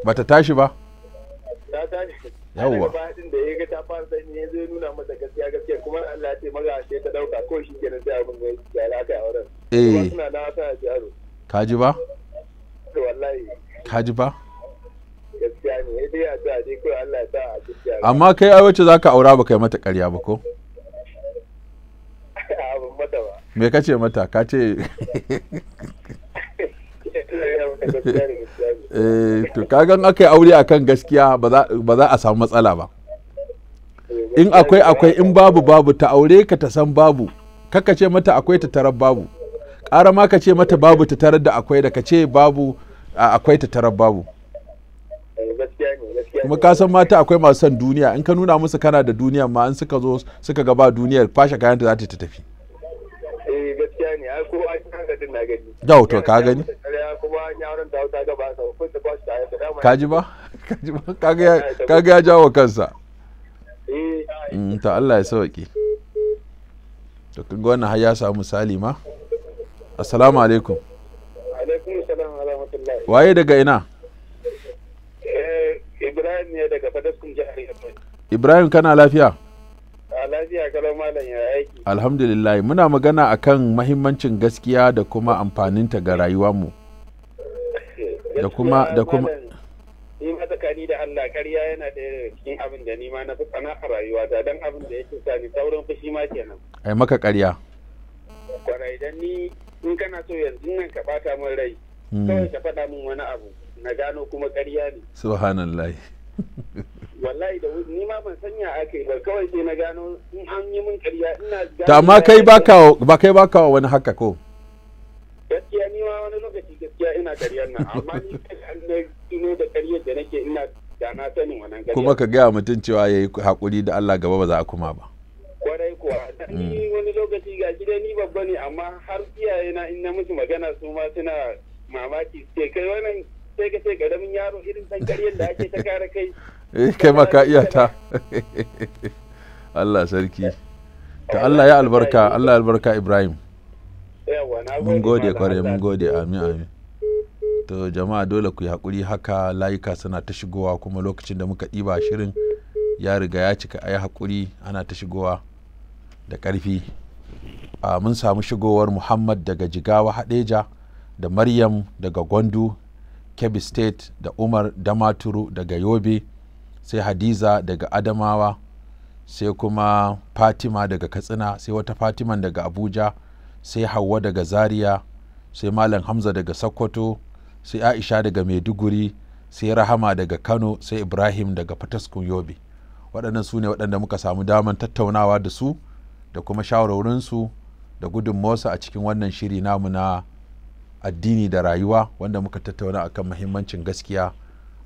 bata tashi ba ta tashi yawwa ba din da ya ga ta fara sanyi zai nuna mata gaskiya kuma Allah ya ta dauka ko kai eh suna ka ji ba eh, ka ji ba amma kai ai wacce zaka aura ba kai mata ƙarya ba ko [LAUGHS] me kace mata ka ce [LAUGHS] eh to kagan aka yi aure akan gaskiya ba za a samu matsala ba in akwai akwai in babu babu ta aure ka ta san babu kaka ce mata akwai ta tarar babu ƙara ma ka ce mata babu ta tarar da akwai da ka ce babu akwai ta tarar babu kuma ka san mata akwai masu son duniya in ka nuna musu kana da duniya ma in suka zo suka gaba duniyar fashe kayan ta za ta tafi eh gaskiya ne ko gani to ka gani kuma yaron da ga ba sa kun ta ba dama kaji ba [LAUGHS] kaji ba kaga ya kaga ya kansa eh mm, to Allah ya sauke to kaga ya samu salima. assalamu wa rahmatullahi daga ina eh, ibrahim kana lafiya alhamdulillah muna magana akan mahimmancin gaskiya da kuma amfaninta ga rayuwarmu da kuma da kuma ni ma tsakani da Allah ƙarya yana ɗaya cikin abin da ni ma na fi tsana a rayuwa da dan abin da yake sa ni saurin fushi ma kenan ai maka ƙarya kwarai dan ni in kana so yanzu nan ka bata min rai hmm. kawai ka faɗa min wani abu na gano kuma ƙarya ne subhanallahi wallahi da ni ma ban sanya ake ba kawai sai na gano in an yi min kariya ina ta ma kai ba kai ba wani haka ko gaskiya ni ma wani lokaci gaskiya ina karyar nan amma ni na tuno da karyar da nake ina da na sanin wannan gaskiya kuma ka gaya mutum cewa yayi hakuri da Allah gaba ba za a kuma ba kwarai kuwa ni hmm. wani lokaci ga shi ni babba ne amma har iyaye na in na musu magana su ma suna mamaki sai kai wannan sai ka ce garamin yaro irin san karyar da ake ta kare kai [LAUGHS] eh kai ma ka iya ta [LAUGHS] Allah sarki ta Allah ya albarka Allah ya albarka Ibrahim mun gode kware mun gode amin amin to jama'a dole ku yi hakuri haka layuka suna ta shigowa kuma lokacin da muka ɗiba shirin ya riga ya cika a yi haƙuri ana ta shigowa da ƙarfi mun samu shigowar muhammad daga jigawa hadeja da maryam daga gwandu kebbi state da umar damaturu daga yobe sai hadiza daga adamawa sai kuma fatima daga katsina sai wata fatiman daga abuja sai Hauwa daga Zaria sai Malam Hamza daga Sokoto sai Aisha daga Maiduguri sai Rahama daga Kano sai Ibrahim daga Fataskun Yobe waɗannan su ne waɗanda muka samu daman tattaunawa da su da kuma shawarwarinsu da gudunmawarsu a cikin wannan shiri namu na addini da rayuwa wanda muka tattauna akan muhimmancin gaskiya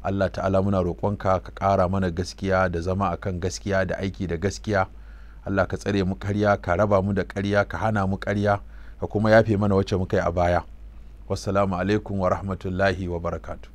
Allah ta'ala muna roƙonka ka ƙara mana gaskiya da zama akan gaskiya da aiki da gaskiya Allah ka tsare mu ƙarya ka raba mu da ƙarya ka hana mu ƙarya ka kuma yafe mana wacce muka yi a baya wassalamu alaikum wa rahmatullahi wa barakatu